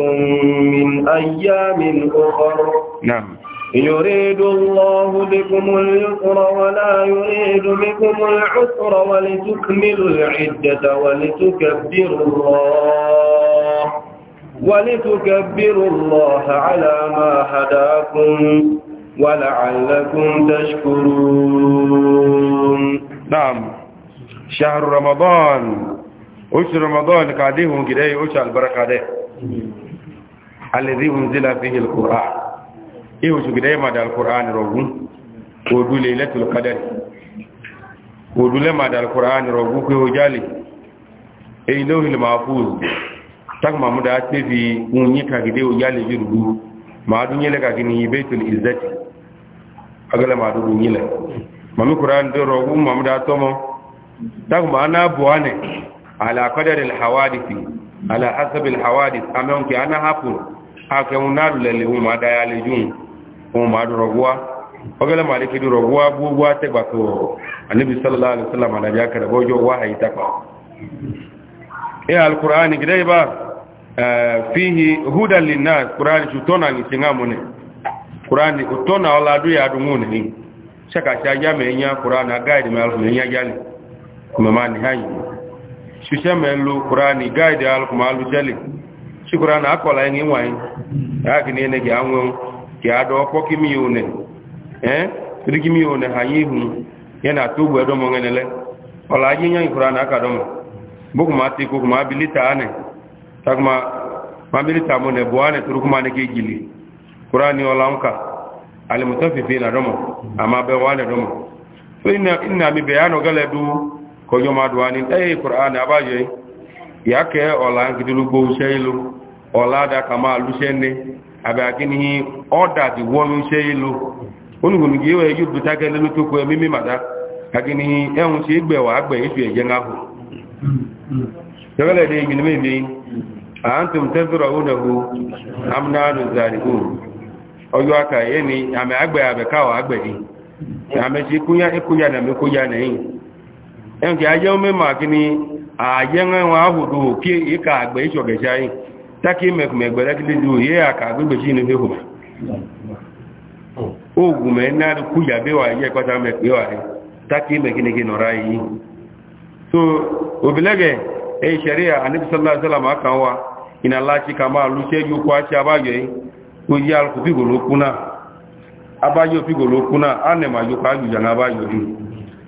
من أيام أخر نعم يريد الله بكم اليسر ولا يريد بكم العسر ولتكملوا العدة ولتكبروا الله ولتكبروا الله على ما هداكم ولعلكم تشكرون
نعم شهر رمضان وش رمضان قاعدهم كده وش البركة ده الذي أنزل فيه القرآن إيه وش كده ما ده القرآن رغم ودو ليلة القدر ودو لما ده القرآن رغم كيه جالي إيه لوه المعفوظ tak mamu da ake fi unyi ka gide o yale jirgu ma dun yele ka gini baitul izzati agala ma dun yele mami qur'an do rogu mamu da tomo tak maana buwane ala qadari alhawadithi ala hasabi alhawadith ameonke ana hapo akemunaru lele uma dayale jun uma durogwa ogele maliki durogwa bugwa tegba ko annabi sallallahu alaihi wasallam ana jaka da bojo wahayi takwa e alqur'ani gidai ba eh, fihi hudan linnas qur'ani tutona ni singamune qur'ani utona ola du ya dumune ni shaka shaja me nya qur'ani guide me alfu nya jani mamani hayi shisha melu qurani guide al kuma alu jali shi qurani akola yin wai ya kini ne ga anwo ki ado ko kimi yone eh kidi kimi yone hayi hu yana tubu edo mo ngenele ola yin yan qurani aka do mo buku ane takma ma bilita mo buane turu kuma ne ke gili qurani ola onka al mutaffifina do mo ama be kojo maduwa ni eh qur'an abaje yake ola gidulu gbo seilu ola da kama lusenne abakini order di wonu seilu onugunu gi we yudu takele lutuko emimi mada agini ehun si gbe wa gbe isu eje ngahu tawale de gini mi bi antum tazra'unahu amnanu zariqun ojo aka yeni ame agbe abe ka wa agbe ni ame si kunya ikunya na me kunya na ẹnkẹ ajẹ́ ọmọ mẹ́mà kí ni ààyẹ́ ẹ̀wọ̀n ahùdó kí ìkà àgbẹ̀ ìṣọ̀gẹ̀ṣẹ́ ayé tákí mẹ̀kùnmẹ̀gbẹ̀rẹ́ kí lè ju yé àkà gbígbèṣí ní fíhù oògùn mẹ́ná kúyà bẹ́wà ẹ̀yẹ́ pátá mẹ́kùnmẹ́wà rẹ̀ tákí mẹ́kìnìkì gị yìí so òbílẹ́gẹ̀ ẹ̀yìn ṣẹ̀rí àníbísọ́lá kan wa iná láti ka máa lu ṣẹ́jú kó aṣe abáyọ̀ yìí kó yí alùpùpù fìgò ló kú náà abáyọ̀ fìgò ló kú náà á nẹ̀ màá yóò ká àjùjà náà abáyọ̀ yìí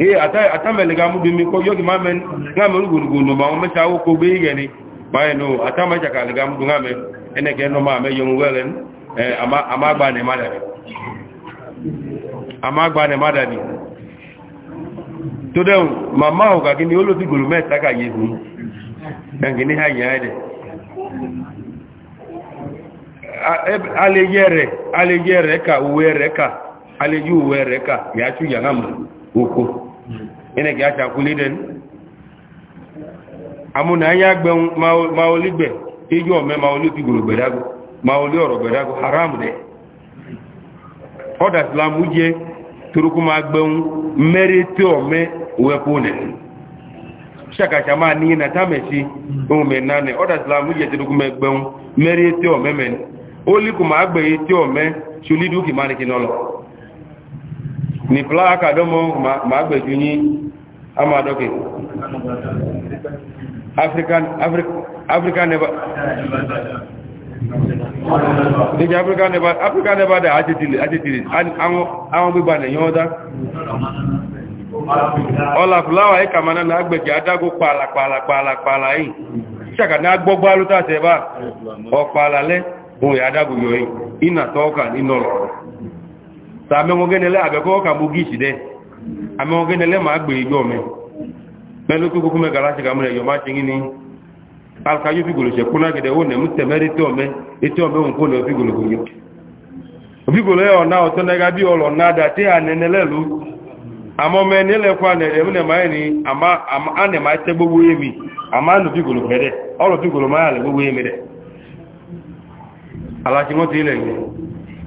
ee atamele ga mudu mi ko yogi mamen nga me rugunugu no ma me chawo ko be yeni bae no atama chaka le ga mudu nga me ene ke no ma me yomu welen eh ama ama gba ne mada ni ama gba ne mada ni to o ga kini o lo ti gulu meta ka yehu ngini ha ya de ale e, yere ale yere ka uwe re ka ale ju uwe re ka ya chu ya ngamu oko ene ki acha den amuna anya gbe ma oligbe ijo me ma oliti guru gbedago ma oli oro gbedago haram de oda islam uje turuku ma gbe merite ome wepune shaka chama ni na tamesi ome nane oda islam uje turuku me gbe merite ome men oli kuma agbe ite shuli duki ki maniki nolo ni plaka domo ma gbeju yin ama doke african african african never Dèjì Áfríkà nẹba Áfríkà nẹba dẹ̀ àjẹ́tìlì àjẹ́tìlì kpala gbígbà nẹ̀ yán ọdá. Ọlá fúláwà ẹ̀kà ma náà agbẹ̀kì adágó pààlà pààlà pààlà pààlà yìí. Ṣàkà ní agbọ́gbá ló bá ọ̀pààlà lẹ́ ta amewongenele abekọ ka mụ gị chide amewongenele ma agbe igbe ome melu kukuku me gara chiga mre yoma chingini alka yo figolo se kuna gede wo ne mutemeri to me ito me won ko le figolo gunyo figolo yo na oto na ga bi olo na da te anenele lu amo me ne le kwa ne re ne mai ni ama ama ane mai te gbogbo yemi ama no figolo pede olo figolo mai ale gbogbo yemi de ala ti mo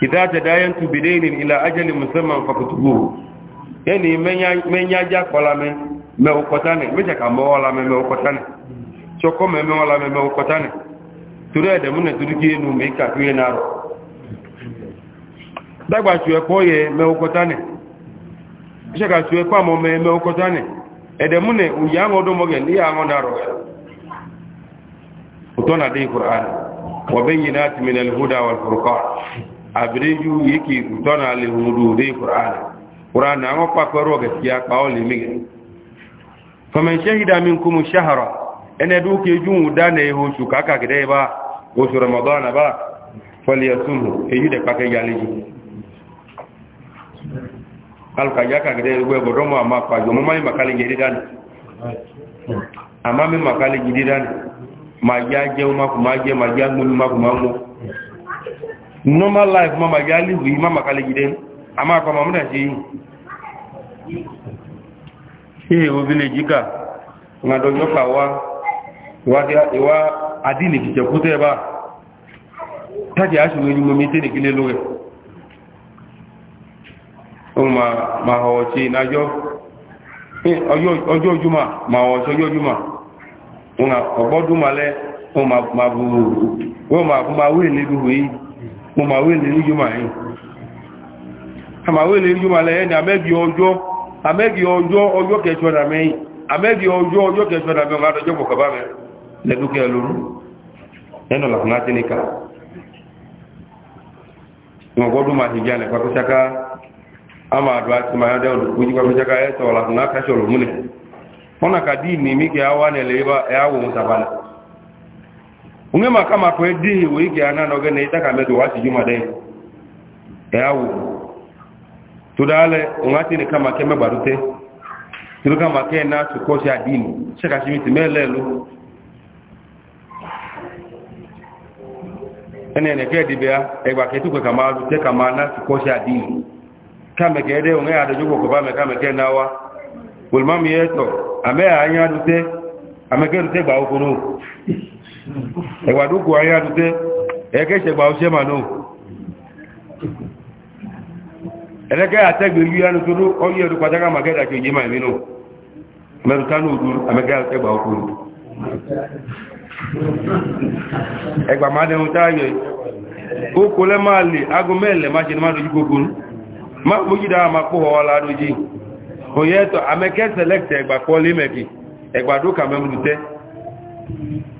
idza tadayantu bidaynin tu ajalin musamman faktubuhu yani menya menya ja kolame me ukotane meja ka mola me me ukotane choko me me wala me me ukotane turede mune turiki enu me ka tuye naro dagba ju epo ye me qur'an wa min al-huda wal furqan abiriju yiki utona le hudu de qur'an qur'an na ngo pakwaro gaskiya kawo le mige faman shahida minkum shahra ene duke jun udana e ho shuka ka gide ba ko su ramadana ba falyasum e yude pake yaliji alka yaka gide gwe bodomo ama kwa jomo mai makali gidi dan ama mi makali gidi dan ma ya je ma kuma je ma ya mu ma kuma mu normal life mama ya live yi mama kale gidan amma kwa mamuda ce yi ṣe obìnrin na dọjọ́pà wá ìwá àdínì kìtẹ̀ kú tẹ́ bá tàbí aṣòro ní mọ́mí tẹ́ nìkílé ma họ̀ ṣe ìnájọ́ ọjọ́ ojúmà ma họ̀ ṣe ọjọ́ ojúmà ọgbọ́dún malẹ́ ohun ma bú wọ́n ma fún ma wé mo ma wele ni juma yin a ma wele ni juma lẹ́yìn ni amẹ́gi ọjọ́ amẹ́gi ọjọ́ ọjọ́ kẹjọ na mẹ́yìn amẹ́gi ọjọ́ ọjọ́ kẹjọ na mẹ́yìn adọ́jọ́ kò kaba mẹ́ lẹ́dúkẹ́ lóru ẹnu làkúnná tí nìka wọn gbọ́dọ̀ ma ti kwa nípa kó ṣaka a máa dọ́ àti máa dẹ́ ọdún kójú pàpẹ́ ṣaka ẹ̀ sọ̀rọ̀ làkúnná káṣọ̀ mi kẹ́ àwọn ẹ̀lẹ́yìn bá ẹ̀ àwọn onye maka maka edighị wee ige ana anọghị na ịta ka medo wa tiju made ya wu tudale onwa tini kama ke megbarute tiri kama ke na tukọ si adini ṣeka ṣi miti melelu ẹni ẹni kẹ́ ẹ̀dìbẹ̀ ya ẹgbà e kama alùtẹ́ kama na tukọ si adini wa olùmọ́mí ẹ̀tọ̀ àmẹ́ àyàn alùtẹ́ àmẹ́kẹ́ alùtẹ́ gbà ẹ̀wà dúkù ayé àdúté ẹ̀kẹ́ ìṣẹ̀gbà ọṣẹ́ mà náà ẹ̀lẹ́kẹ́ àtẹ́gbẹ̀ ìlú yánu tó ló ọyẹ́ ẹ̀dù pàtàkì àmàgẹ́dà kí òye máa mínú mẹ́rùkánú òdu àmẹ́gẹ́ ẹgbà ọkùnrin ẹgbà máa dẹ̀hun táyẹ̀ ó kò lẹ́ máa lè aago mẹ́lẹ̀ máa ṣe ní máa dojú gbogbo máa mójú dáa máa kó ọwọ́ aládójì òye ẹ̀tọ́ àmẹ́kẹ́ sẹ̀lẹ́kẹ̀ ẹgbà kọ́ lé mẹ́kì ẹgbà dókà mẹ́rù tẹ́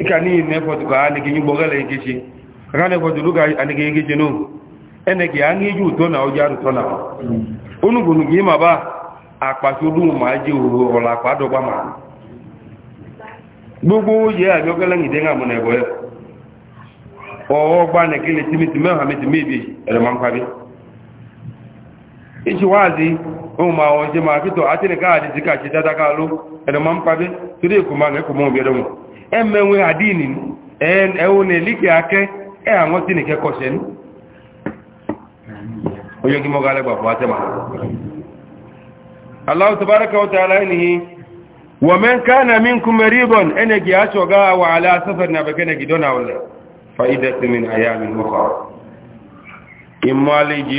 ika ni ne fotu ka ani ki nyugo gele ngichi ka ne fotu luka ani ki ngichi no ene ki ani ju to na ojaru to na mm. unu gunu gi ma ba apa so du ma ji uru ola pa do ma gbogbo ye ajo gele ngi de nga mo na ebo ye o gba ne kile timiti me ha meti mebi ere man kwabi ichi wazi o ma o je ma ka adi ka chi dada ka lo ere man kwabi emenwe adini ewu na-elike ake e àwọn tí nìkẹ́ kọ̀ṣẹ́ ní oye mọ́gá alẹ́gbà àtẹ́mà aláwọ̀ tàbárakà wata aláìní wà mẹ́ kánà mín kú mẹ́rìbọn ala asatọ na bẹ̀kẹ́nẹgì dọ́nà wọlẹ̀ fa'idẹ́sìmìn àyàmìn mọ́kọ̀ ìmọ̀ alẹ́jì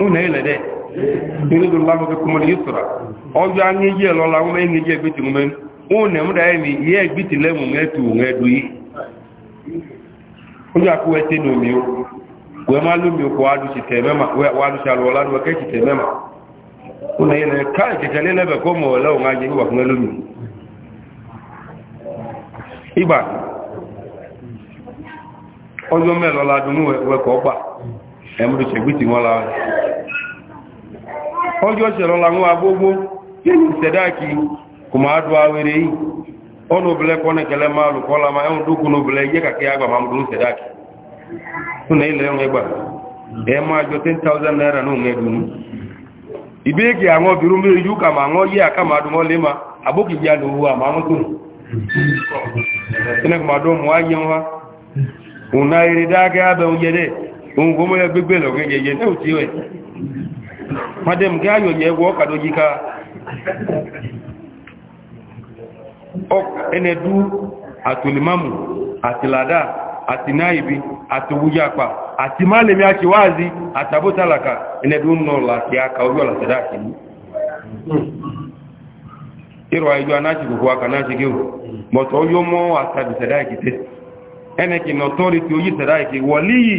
unu i
yuridu llahu bikum lyusra
ọjọ anya eji elọla nwụme enye eji egbiti nwume mu mụda emi ihe egbiti le mụ nwe tu nwe du yi ụjọ akwụ wete na wee ma lumi kwụ adụchi teme ma wa adụchi alụọla nwe teme ma ele ka ọ gba. ẹmúrú ṣẹ̀gbìtì wọn la ọjọ́ ṣẹlọ làwọn agbógbó kí ni sẹ̀dáàkì kò máa dùn awere yìí ọ̀nà obìnrin kọ́ ní kẹlẹ́ máa lù kọ́lá máa ẹ̀hún dúkùn obìnrin yẹ kàkẹ́ àgbà máa dùn sẹ̀dáàkì fún ilẹ̀ ẹ máa naira ma àbókì bí alò wu àmà òun kò mọ́yá gbégbé lọ́gbẹ́ yẹyẹ náà tí wẹ̀ madam kí ayọ̀ yẹ wọ́ ọ̀kadò yí ká ẹnẹ̀dú àtòlìmámù àtìlàdá àti náìbí àti wújápa àti málèmí àkíwáàzí àtàbótálàkà ẹnẹ̀dú nọ́ọ̀lá kí a ka orí ọ̀làtẹ̀dá àkìní ìrọ̀ àìjọ ẹnẹ̀kì nọ̀tọ́rì tí ó yí tẹ̀dá ìkì wọ̀líyìí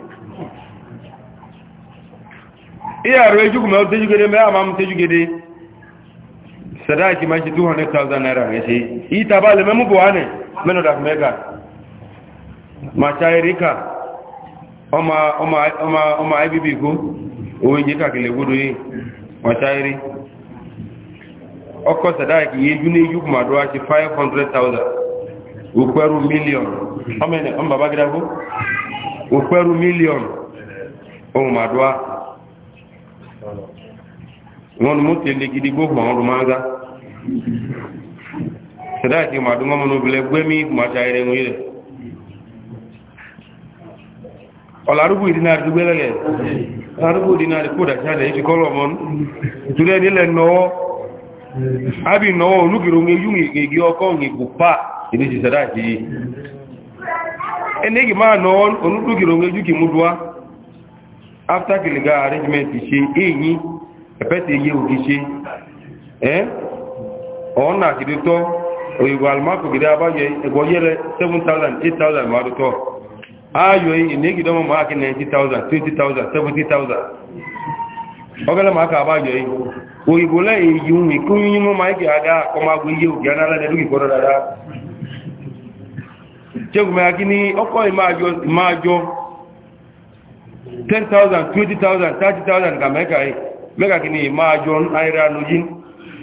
iya ro ejugu me o tejugede me ama ma 200000 naira ne se ita ba le me mu buane me da mega ma chairika oma oma ko o yin kele gudu yi ma chairi oko sadaki ne ma do achi 500000 ukweru million amene ukweru wọn mú tẹ̀lé gidi gbogbo àwọn ọdún máa ń gá sẹ́dáàkì màdúnmọ́ mọ́nà obìnrin gbẹ́mí màṣà ẹ̀rẹ̀ ń yẹ̀rẹ̀ ọ̀làrúgbò ìdínàrí tó gbẹ́lẹ̀gẹ̀ ọ̀làrúgbò ìdínàrí kó dàṣàdẹ̀ ìfi kọ́lọ̀ mọ́ ìtúrẹ́ nílẹ̀ nọ́wọ́ ábì nọ́wọ́ olúgbìrò pa after kìlìgà arrangement ṣe èyí ẹ̀pẹ́tì iye òkè ṣe ẹ́ ọ̀nà àkìdítọ́ òyìnbó almaco gidi abájọ ẹgbọ́ yẹ́rẹ 7,000 8,000 márùtọ́ ayọ̀ ìnégidọ́mọ̀ máa kí 90,000 20,000 70,000 ọgẹ́lẹ̀ máa kà abájọ yìí òyìnbó lẹ́yìn yìí ń kú yín mọ́ máa kì àdá ọmọgbó iye òkè alálẹ́dẹ́ lókè kọ́dọ̀ dáadáa ṣẹ́gun mẹ́ra kí ní ọkọ̀ 10,000 20,000 30,000 ka mẹ́ka yìí mẹ́ka kì ní máa jọ náírà lójí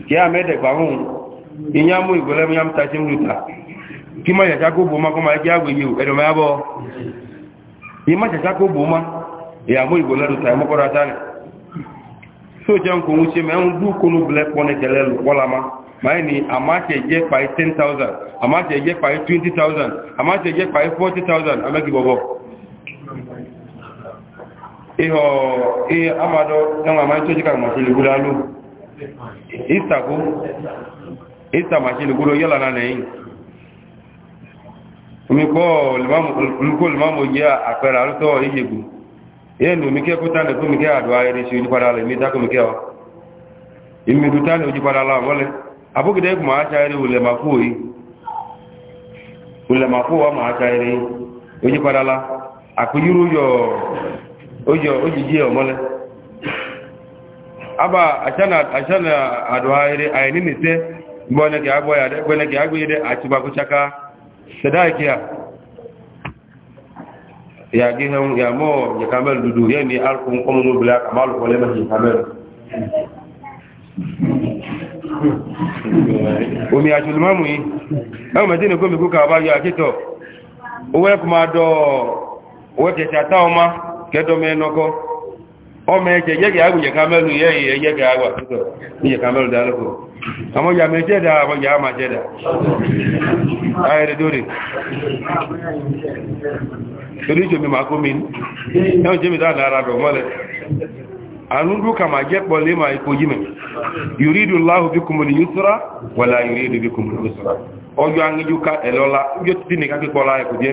kí a mẹ́dẹ̀gbà hùn ìyàmú ìgbẹ̀lẹ́mú yàmú tàṣí mùta kí má ṣàṣá kó bò má kọ́ máa kí àgbè yìí ẹ̀dọ̀mọ́ yàbọ̀ yìí má ṣàṣá kó bò má ìyàmú ìgbẹ̀lẹ́rù tàí mọ́kọ́rọ̀ àtàlẹ̀ tó jẹ́ ń kò ń ṣe mẹ́rin dú kónú bilẹ̀ pọ́nẹ̀kẹ̀lẹ́ lọ́lámá máa ní àmáṣẹ̀ jẹ́ pàí 10,000 àmáṣẹ̀ jẹ́ pàí 20,000 àmáṣẹ̀ jẹ́ pàí 40,000 amẹ́kì bọ̀bọ̀ ihò ihe amado ẹwà máa tó jíkà màṣílì gúdá ló ìsàkó ìsà màṣílì gúdó yẹ́là náà nẹ̀yìn omi kọ́ olùmọ́mọ̀ jẹ́ àpẹẹrẹ àrútọ́ ìyẹ̀gbù yẹ́nu omi kẹ́ kúta nẹ̀ fún mi kẹ́ àdúrà ẹ̀rẹ́ sí ojúpadà lẹ̀ mí dákùn mi kẹ́ ọ ìmìdú tá ní ojúpadà láwọn mọ́lẹ̀ abúgidẹ́ kù máa ṣáyẹrẹ ulẹ̀màkú yìí ulẹ̀màkú wa máa ṣáyẹrẹ ojúpadà la àpéjúrú yọ̀ọ́ ojo oji je o mole aba achana achana aduhaire aini nise gbone ki agbo ya de gbone ki agbo ide achiba ku chaka sadaki ya ya gi hem ya mo ya kamel dudu ya ni alkum komo um no bila kamal ko le ma ki kamel omi àjòlùmọ́mù yìí ẹwọ́n mẹ́tí ní gómìnkú kàwàá yọ àkítọ̀ owó ẹkùnmọ́ àdọ́ owó kẹta ọmọ kẹtọ mẹ́nọkọ́ ọmọ ẹ̀jẹ̀ yẹ́gẹ̀ agbèjẹ̀ kamẹ́lù yẹ́ yẹ́gẹ̀ agbà púpọ̀ níjẹ̀ kamẹ́lù dálọ́pọ̀ àmọ́ yà mẹ́ jẹ́dà àmọ́ yà máa jẹ́dà ayẹ̀rẹ̀ dóre oníṣòmí ma kó mi ẹ̀hùn jẹ́mi dáadáa ara rẹ̀ mọ́lẹ̀ ànúdú kàmà jẹ́ pọ̀lé ma ipò jímẹ̀ yìí láhù bí kùmùlì yusra wàlá yìí bí kùmùlì yusra ọjọ́ angíjú ká ẹ̀lọ́lá yóò ti ní kákíkọ́lá ẹ̀kùjẹ́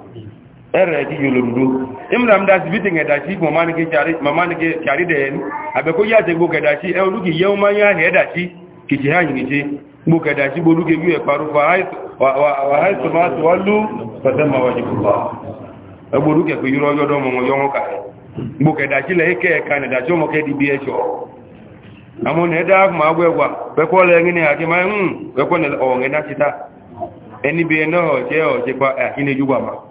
ẹrẹ ti yolondodo imra mi dasi biti ngẹdasi mama ni e e ke kyari dẹ ni abẹko yi ati gbogbo ẹdasi ẹ olu ki yẹun ma yẹ ahẹ ẹdasi kìtì hàn yìnyínse gbogbo ẹdasi gbogbo ke wíwẹ paru fa wà ha ẹsọ ma to ọlú pẹtẹ ma wájú kúpa ẹgbogbo olú kẹfẹ yọrọ yọdọ mọ wọn yọwọn kàrẹ gbogbo ẹdasi lẹ kẹ ẹka ní ẹdasi ọmọ kẹdi bí ẹsọ àmọ ní ẹdá ma wẹ wa pẹkọ lẹ ẹni ọ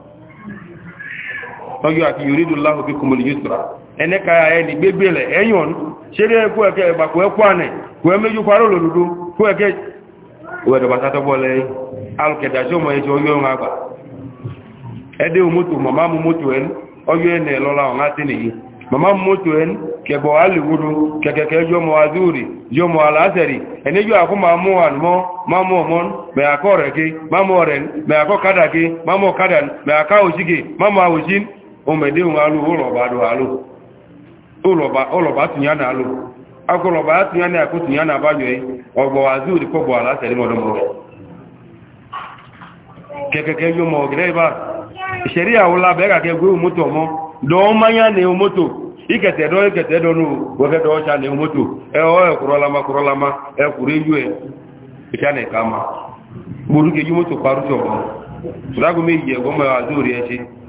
ọjọ́ àti yorídù láhùn bí kùmùlù yusra ẹni káyà ẹni gbégbélẹ̀ ẹ̀yàn ṣeré kú ẹ̀kẹ́ ìgbà kú ẹkú ànẹ̀ kú ẹ méjì parọ́ lòdòdó kú ẹ̀kẹ́ ìwẹ̀dọ̀bà sátọ́gbọ́ lẹ́yìn alùkẹ̀dà tí ó mọ̀ ẹjọ́ ọjọ́ ọ̀hún àgbà ẹdẹ́ òmótò màmá mú mótò ẹni ọjọ́ ẹni ẹ̀lọ́la ọ̀hún àti nìyí màmá mú mótò ẹni kẹbọ̀ alìwúrú kẹkẹkẹ yọmọ azúrì yọmọ aláṣẹ̀rì ẹnijọ́ àkúmà mú ànmọ́ mámọ́ ọmọ omede onwe alụ ụlọba dụ alụ ụlọba tụnya na alụ akwụlọba ya tụnya na akụ tụnya na abanyụghị ọgbọwazi ụdịkọ bụ ala sere mọdụmọdụ kẹkẹkẹ yóò mọ ọ̀gẹ́rẹ́ ibá ìṣẹ̀rí àwọlá bẹ́ẹ̀ kàkẹ́ gbé òmótò mọ́ dọ́ọ́ máyá ní òmótò ìkẹtẹ̀dọ́ ìkẹtẹ̀dọ́nù wọ́fẹ́dọ́ ọ̀ṣà ní òmótò ẹ̀họ́ ẹ̀kùrọ́lámá kùrọ́lámá ẹ̀kùrẹ́ yú ẹ̀ ìṣàlẹ̀ kàmá gbórúkẹ́ yóò mọ́tò echi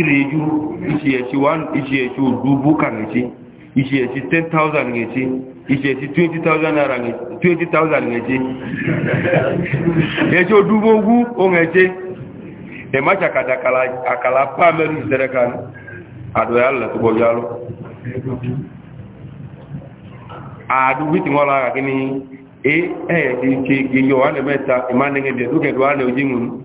ireju iṣiyẹ̀ṣi one iṣiyẹ̀ṣi òdúbú kàngẹ̀ṣi iṣiyẹ̀ṣi ten thousand ngẹ̀ṣi iṣiyẹ̀ṣi twenty thousand naira twenty thousand ngẹ̀ṣi ẹ̀ṣi òdúbú ogún ongẹ̀ṣi ẹ̀má ṣàkàtà àkàlà pàmẹ́rù ìṣẹ́rẹ́ka àdọ̀yà lẹ́tọ́gbọ̀jọ́ lọ àdúgbò tí wọ́n lára kí ni ẹ̀ẹ́dì ṣe gbẹ̀yọ̀ wà ní mẹ́ta ìmánìyàn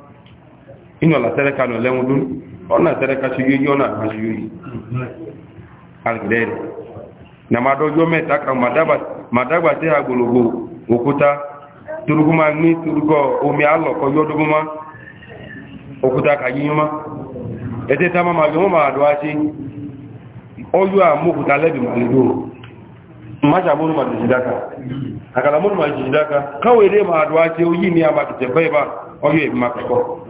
inu ala tẹrẹka nọ lẹ́wọ̀n dún ọ̀nà tẹrẹka ṣe yóò yí ọ̀nà àgbà ṣe yóò yí na ma dọ́jọ́ mẹ́ta kan ma dágbà tí agbologbo òkúta toruguma ní torugọ omi alọ̀kọ yọdúnmá òkúta kàyíyúnmá ẹ̀tẹ́ tá ma yọ mọ́ àdọ́ ṣe ọyọ́ àmókúta lẹ́bì màlẹ́dọ́ máṣà mọ́nù ma jìjì dáka àkàlà mọ́nù ma jìjì dáka káwọ̀ èdè ma àdọ́ ṣe oyí ni a ma bá ọyọ́ ìbí ma kẹ́kọ̀ọ́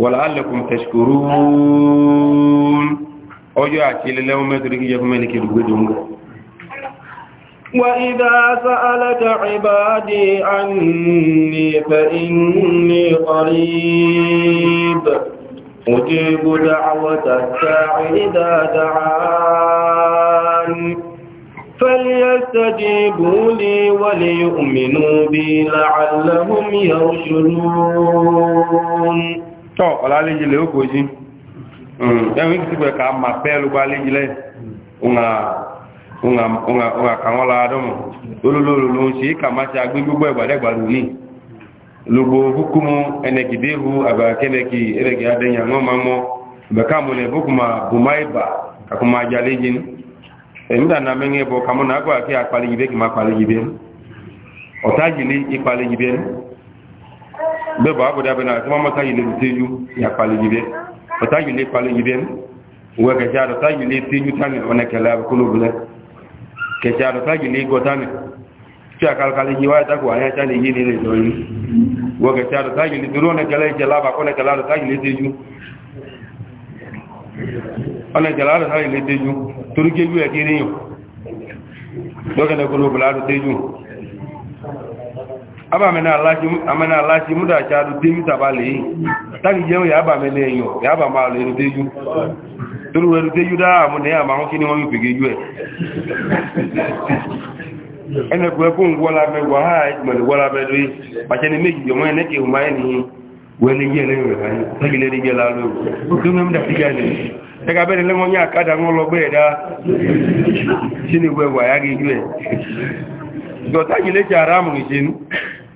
ولعلكم تشكرون أجو أكيل لهم مدرك يكم ملك الجدوم
وإذا سألك عبادي عني فإني قريب أجيب دعوة الساع إذا دعان فليستجيبوا لي وليؤمنوا بي لعلهم
يرشدون tọ́ ọ̀làlẹ́jìlẹ̀ ó kò jí hmm, ẹ̀wọ̀n ìgbìsígbẹ̀ ka ma pẹ́ẹ̀lú bá lẹ́jìlẹ̀ òun ka láàdọ́mù olólòlò olulu ṣe kàmá ṣe agbé gbogbo ẹ̀gbàdẹ́gbàdù ní logbo hukumu ẹnẹkìdéhu àbàkẹ́nẹkì ẹnẹkì adẹ́yìn àwọn máa mọ́ ìbẹ̀kàmù ní ẹ̀bùkùnmá bùmá ìbà agba ajalẹ́jìn ẹ̀mídà náà mẹ́rin ẹ̀bọ̀ kàmọ́ náà gbọ́ àti àpàlẹ́yìnbẹ́ kì bẹ́bọ̀ abúdábẹ́ náà tí wọ́n mọ́ta yìí lè tẹ́jú ìyàpàlẹ̀yìbẹ́ ọ̀tá yìí lè pàlẹ̀yìbẹ́ wọ́n kẹ̀kẹ́ àdọ̀tá yìí lè tánì ọ̀nà kẹlẹ́ àbúkúlóbulẹ̀ kẹ̀kẹ́ àdọ̀tá yìí lè gọ́tánì tí àkàlùkàlẹ̀ yìí wáyé tako àyà tánì yìí lè lọ yìí wọ́n kẹ̀kẹ́ àdọ̀tá yìí aba mena alaji amena alaji muda cha du timi tabale taki jeo ya aba mena yo ya aba ma le deju turu we deju da mu ne ama ho kini won pege ju e ene ku e ku ngwala be wa ha me le wala be do ba che ni meji jo mo ene ke huma eni we le ye le yo ha taki le ri je la lo ku me mda tiga ni daga be le mo nya kada ngolo be da sini we wa ya gi jẹ́ àrámù ìṣẹ́nu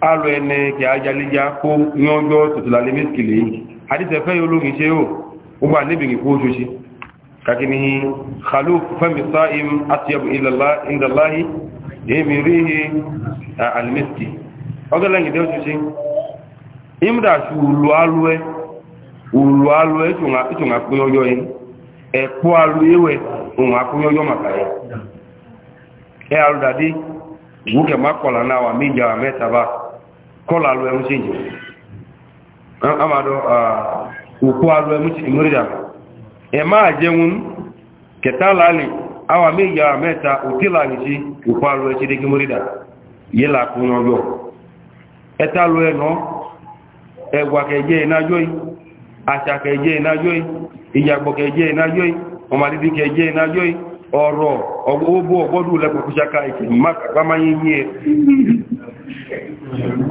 alò ẹni kì ajalija kó yọjọ tòtòlà lè mẹsìkìlì yìí àdìsẹ fẹ yóò lóhùn iṣẹ yóò ó bá níbìrì kó oṣooṣi kàkiri ni fẹmi sáìm àtìyàbù ìdàláhì èmi ríhe àlìmẹsìkì ọgọlẹyìn dẹ oṣooṣi imdaṣu ulu alùẹ ulu alùẹ ìtùn àkúnyọjọ yìí ẹkọ màkà yìí ẹ má náà wà kọlọ alụ ẹmu tsenji ama do òkú alụ ẹmu tsenji mérida ẹ máa jẹun ala lali awa méja mẹta òtí lali si òkú alụ ẹtsi dèké mérida yé la kó nyɔ yọ ẹta e alụ ẹ e nọ ẹwà kẹjẹ yìí n'adzọ yìí àṣà kẹjẹ ìyàgbọ kẹjẹ n'adzọ ọmọdébi kẹjẹ n'adzọ ọrọ lẹkọọ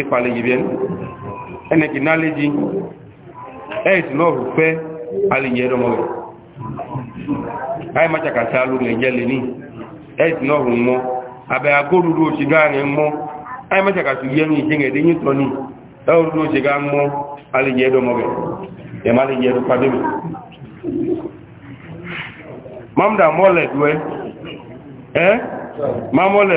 ìpàlẹ̀ yìí bẹ́ẹ̀ ẹnẹ̀kì náà lè jí ẹ̀ẹ́sì náà rò fẹ́ alìyẹ ọmọ rẹ̀ ayémájà kàtà lórí ni ẹ̀ẹ́rúurú oṣù gá mọ́ alìyẹ ọmọ rẹ̀ ẹ̀má alìyẹ ọmọ padà mi. mamda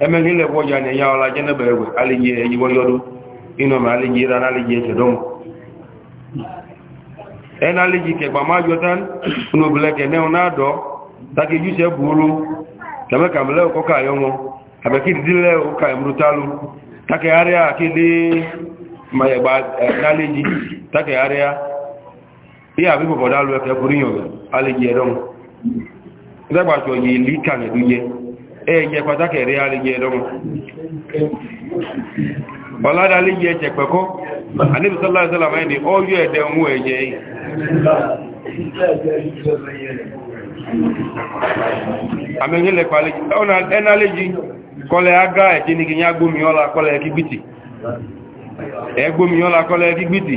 eme ni le woja ne e e e ya ola jene bewe ali ye yiwo yodu ino ma ali jira na ali ye tedom en ali ji ke ba ma jotan no bleke ne ona do taki yuse buru kama kamle ko ka yomo abeki dile o ka mrutalu taki area akidi ma ye ba ali ji taki area iya bi bobo dalu e ke buriyo ali ji edom ndagba so yi lika ne duje ẹ̀ẹ̀jẹ̀ pàtàkì rí àríyẹ lọ́wọ́ ọ̀ládàlì yẹ jẹ pẹ̀kọ́ anìbìsọ́lá ẹni ọjọ́ ẹ̀dẹ̀ ohun ẹ̀yẹ yìí àmìyànlẹ̀ pàlẹ̀ ẹnàlẹ́jì kọlẹ̀ agá ẹ̀jẹ́ ní kìí agbómiọ́lá kọlẹ̀ ẹgbìtì ẹgbómiọ́lá kọlẹ̀ ẹgbìtì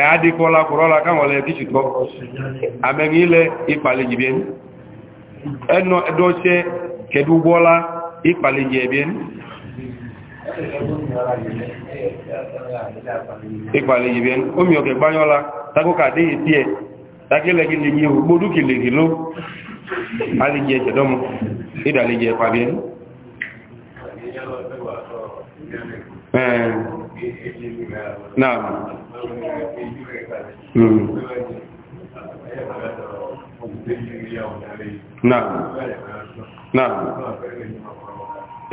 ẹ̀ádìkọlá kedu gwọla ịkpali ji ebien ịkpali ji ebien omi oke gbanyọla tako ka adịghị tie takile gị ligi ugbodu kile gị lo aligi echedomu ịdaligi ekpabien
ee na hmm. na na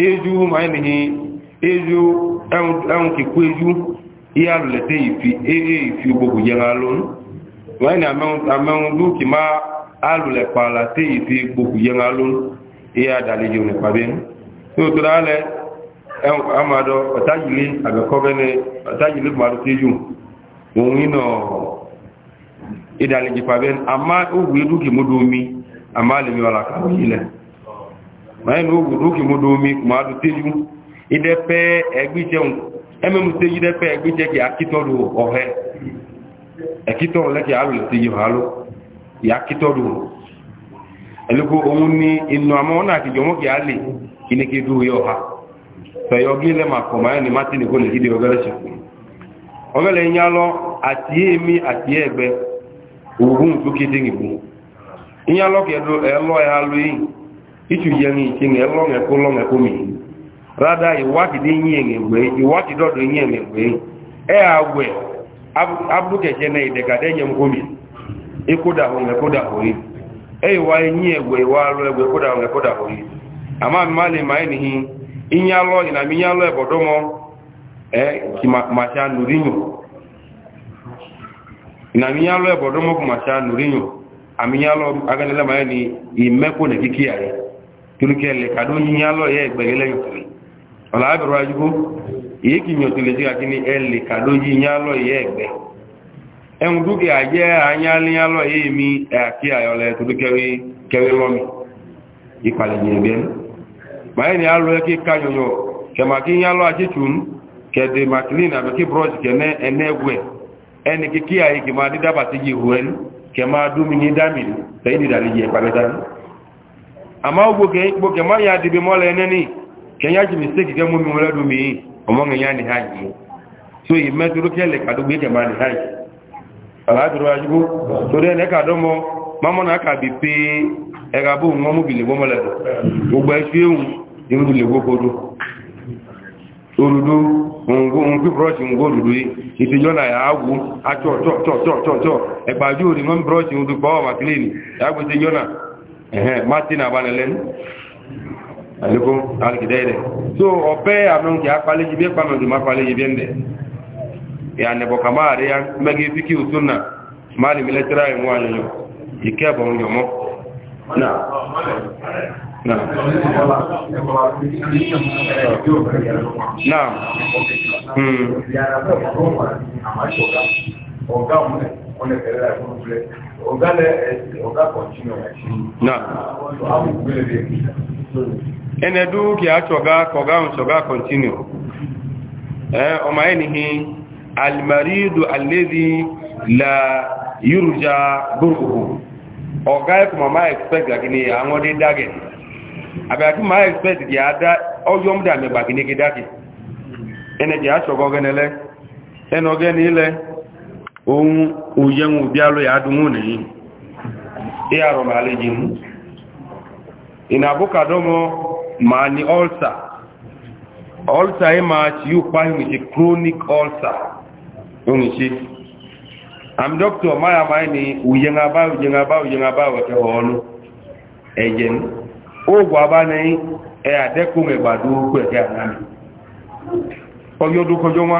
eju
ma ni eju ẹun kìkú eju ihe lulẹ̀tẹ̀ ìfi gbogbo jẹ́ ni gbogbo jẹ́ ara lónú iya dàlejò nípa bẹ́ẹ̀ tí ó tó dálẹ̀ ẹun àmàdọ̀ ọ̀tájìlé àbẹ̀kọ́bẹ́ni ọ̀tájìlé kùmàdù tí eju òun nínà ìdàlejò pàbẹ́ni àmá ama mi maye na ogu mo do ma do teju ide pe egbi un eme mu de pe egbi ki akito ohe akito le ki alu ya akito ohun ni inu ki jomo ki kini ki du yo ha pe yo gile ma ko ni ko ni ide nyalo ati emi ati egbe ogun bu ki do elo ya e yin ichu yẹn ìtì ń lọ́ngẹ̀kú lọ́ngẹ̀kú mi rádá ìwádìí yí ẹ̀ngẹ̀gbé ìwádìí dọ́dọ̀ yí ẹ̀ngẹ̀gbé ẹ̀ àwẹ̀ abúkẹ̀kẹ́ náà ìdẹ̀gàdẹ́ na kó mi ikúdà ọ̀ngẹ̀kúdà òrí ẹ̀ ìwá yí ẹ̀gbẹ̀ ìwá alọ́ ẹ̀gbẹ̀ kúdà ọ̀ngẹ̀kúdà òrí àmà mi má lè má ẹnìhí ìyálọ́ ìlàmì ìyálọ́ ẹ̀bọ̀dọ́mọ ẹ̀ kì ma nùríyùn turkele kado yinyalo ye gbegele yutri ola abiro ajugo ye kinyo tileji akini ele kado yinyalo ye gbe en duke aje anyali yalo ye mi aki ayole turkewi kewi lomi ipale nyebe baye ni alo ke kanyonyo ke maki yalo ajichun ke de maklin abe ki broji ke ne enegwe eni ki kiya iki ma didaba ti jiwen ke ma dumi ni damini tayidi dalije paletan ama gboke gboke ma ya dibe mo le neni ke ya ji mistake ke mu mi wala du mi omo ngi yani haji so yi me duro ke ka du gbe ma ni haji ala duro ajugo so de ne ka do mo na ka bi pe ga bu mu bi le do e mu le ngu ngu brush ngu yi na ya cho cho cho cho cho e mo ẹ̀hẹ́n martin abanilẹ́nu àlékún alìkìdẹ́ẹ̀dẹ̀ so ọ̀pẹ́ àmì akpali bí ẹ̀pàmì ọdún mápàlẹ́jì bí ẹ̀ndẹ̀ ìyànẹ̀bọ̀ kàmá àríyá mẹ́gẹ́ fíkí òtúnà márì mílẹ́tírà ìwọ̀n àyẹyọ ìkẹ́bọ̀
na na na. Hmm.
wọ́n lè tẹ̀lé láti wọ́n fẹ́ ọ̀gá lẹ ọ̀gá kọ̀tínú ẹ̀ṣin. ẹnẹ dúkì àtọ̀gá kọ̀gá ọ̀ṣọ̀gá kọ̀tínú ọmọ ẹni hi alimaridu alẹ́dí la yorùjá gbòòrò ọ̀gá ẹ̀kọ́ mọ̀ máa expect gàgìní àwọn ọdẹ dágẹ̀ àbẹ̀kí máa expect kì á dá ọjọ́ mú dàmẹ́gbàgìní kí dágẹ̀ ẹnẹ jẹ́ àṣọ̀gọ́ gẹ́nẹ́lẹ́ ẹnà ọgẹ́ni ilẹ̀ ohun òyẹun òbí alóyà adúnmù nìyí tí a rọ̀ máa lè jì mú ìnàbókàdọ́mọ́ máa ní ulcer ulcer yí máa tí yóò pa ìrìnṣe chronic ulcer ìrìnṣe àmì dókítà máa máa ní òyẹn abá òyẹn abá òyẹn abá ọ̀tẹ̀ ọ̀ọ́nú ẹ̀jẹ̀ ní oògùn àdẹ́kùn ẹ̀kẹ́ àná kọjọ́ wá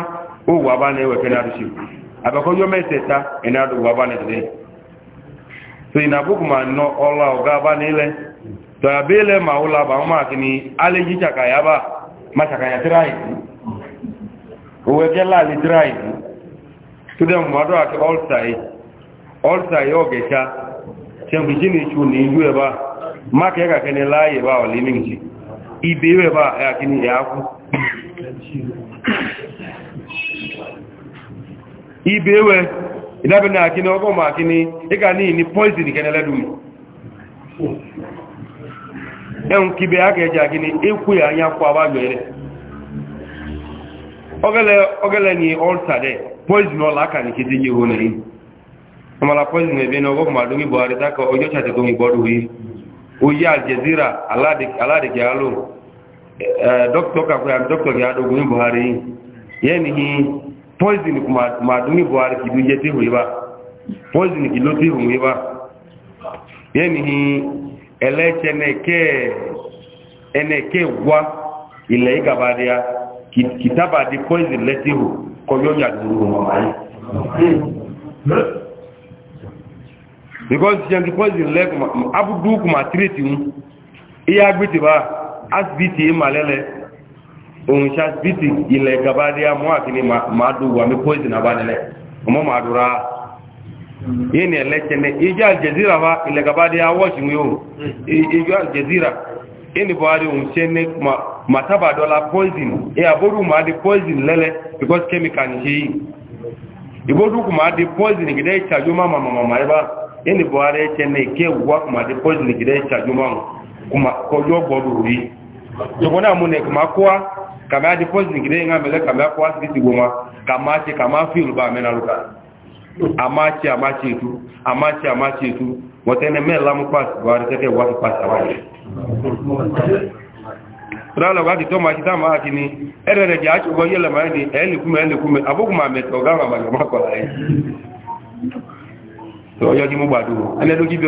oògùn abakɔjɔ mɛtɛta ɛna do wa bani so inabu kuma nɔ ɔla ɔga bani lɛ tɔyabe ma kini ale yi tsakaya ba ma tsakaya tira yi owó ɛkɛ la ali tira yi tó ni tsu ni ma kɛ kakɛ ni la yɛ ba ɔli ni ŋtsi ibe yɛ ibe ewe ìdábẹ̀ na kí ní ọgọ́ máa ịga ní ìkà ní ìní poison kẹ́nẹ́lẹ́dùnmù ẹun kí bẹ akẹ́jà kí ní ikú ìyànyà kọ àbájọ ẹ̀rẹ́ ọgẹ́lẹ̀ ní poison ọlá kà ní kéde yího náà yìí ọmọlá poison ẹ̀bẹ̀ ní buhari dákọ ọjọ́ ṣàtẹ̀kọ́ ìgbọ́dọ̀ yìí oyé buhari poison kuma duni buhari ki duje tehu ịba. poison ki lo tehu yi ba yẹni hi ẹlẹ́ẹ̀kẹ́ ẹnẹ́kẹ́ ẹnẹ́kẹ́ wá di poison lẹ́tẹ̀hù kọjọ́ yàgbọ́n wọn wáyé because poison òun ṣá bìtì ilẹ̀ gabadíà mọ́ àkíní máa dùn wà mí poison abánilẹ̀ ọmọ máa dùn ra yìí ni ẹlẹ́tẹ̀lẹ́ ìjọ aljazeera wa ilẹ̀ gabadíà wọ́ọ̀ṣì mi ò ìjọ aljazeera yìí ni buhari òun ṣe ní matabadọ́la poison ẹ àbúrò máa di poison lẹ́lẹ́ because chemical ní ṣe yìí ìbòdú kò máa di poison gidẹ́ ìṣàjú máa màmà màmà ẹ bá yìí ni buhari ṣe ní ìkéwà kò máa di poison gidẹ́ ìṣàjú máa kọjọ́ gbọ́dọ̀ rí ṣùgbọ́n náà mú ni kò máa kó wa kama aje poison kide nga mele kama ko asibiti goma kama che kama feel ba mena luka amache amache tu amache amache tu wotene me la mu pass ba rete ke wa pass awali rala wa kito ma kita ma akini erere je acho go yele ma ni eli kuma so yo ji mu gbadu ele do ji bi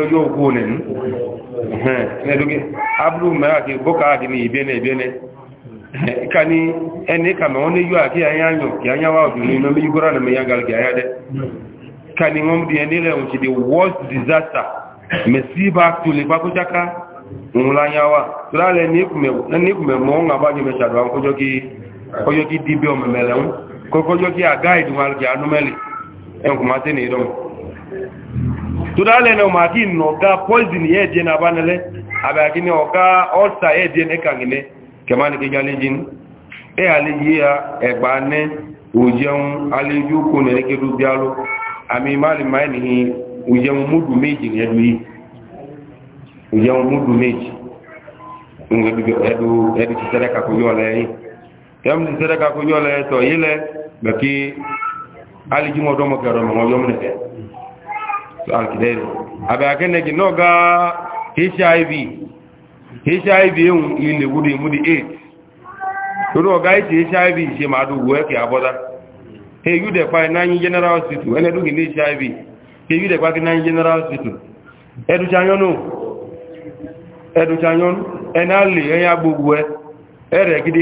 boka akini ibene ibene ni ẹni kàmà wọn ní yóò àti àyàyàn kí a yáwà òjò ní inú igora na mẹ́yà galgi àyà dẹ́ kani wọn di ẹni lẹ́wọ̀n ti di worst disaster mẹ́síbà tó lè pápójáká òun láyáwà lálẹ́ ní ìkùnmẹ̀ mọ́ ń àbájọ mẹ́ ṣàdọ̀ kọjọ́ kí dìbẹ́ ọmọ kọjọ́ kí àgá ìdùnmọ̀ kẹmàlì kejì alẹ́jìn ẹ alẹ́jì ya ẹ̀gbà ní òjẹun alẹ́jì ó kò ní ẹ̀kẹ́dù bí alọ́ àmì máàlì máà ní òjẹun múdù méjì ní ẹ̀dù yìí òjẹun múdù méjì ẹ̀dù ti sẹ́dẹ̀kà kò yọ ọ̀lẹ́ yìí kẹmù ti sẹ́dẹ̀kà kò yọ tọ̀ yìí lẹ gbẹ̀kí alẹ́jì wọn dọ́mọ kẹrọ mọ̀ ọjọ́ mìnẹ̀kẹ́ hiv hiv enwu ile wuri 8 torí ọ̀gá ìtì hiv ṣe máa dùn wọ́ ẹ̀kẹ́ àbọ́dá general hospital ẹnẹ́dùgì ní hiv eyu dẹ̀pa kí náyí general hospital ẹdùchanyọ́nù ẹdùchanyọ́nù ẹná lè gbogbo ẹ ẹ̀rẹ̀ gidi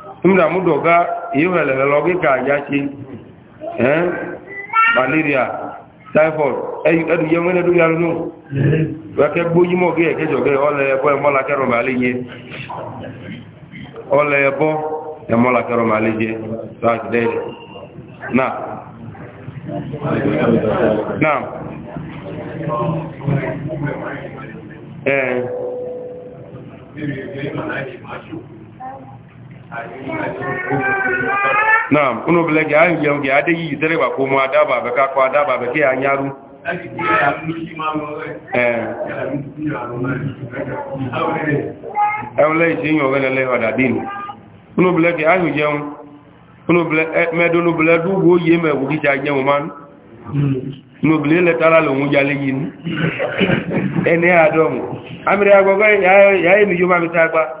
nígbà múdọ̀ gá ìyóhẹ̀lẹ̀ lọ gíga àyáṣe ẹ́n malaria typhoid nwere yẹ mẹ́rin ẹ̀dù yàrá náà wẹ́kẹ́ gbójúmọ̀ gí ẹ̀kẹ́jọ̀gẹ́ ọlẹ̀ ẹ̀bọ́ ẹ̀mọ́lákẹ́rọ̀ màálé yẹ ọlẹ̀ ẹ̀bọ́ ẹ̀mọ́lákẹ́rọ̀ màálé yẹ
láti lẹ́yìn náà náà ẹ̀ẹ́
naam
unu bile ga ayu yau ga ade yi tere ba ko mu adaba be ka ko adaba be ke anyaru eh awle ji yo wele le din bile me do bile du ki ja man bile le tara lo mu jale yin ene agogo ya ya yuma mi tagba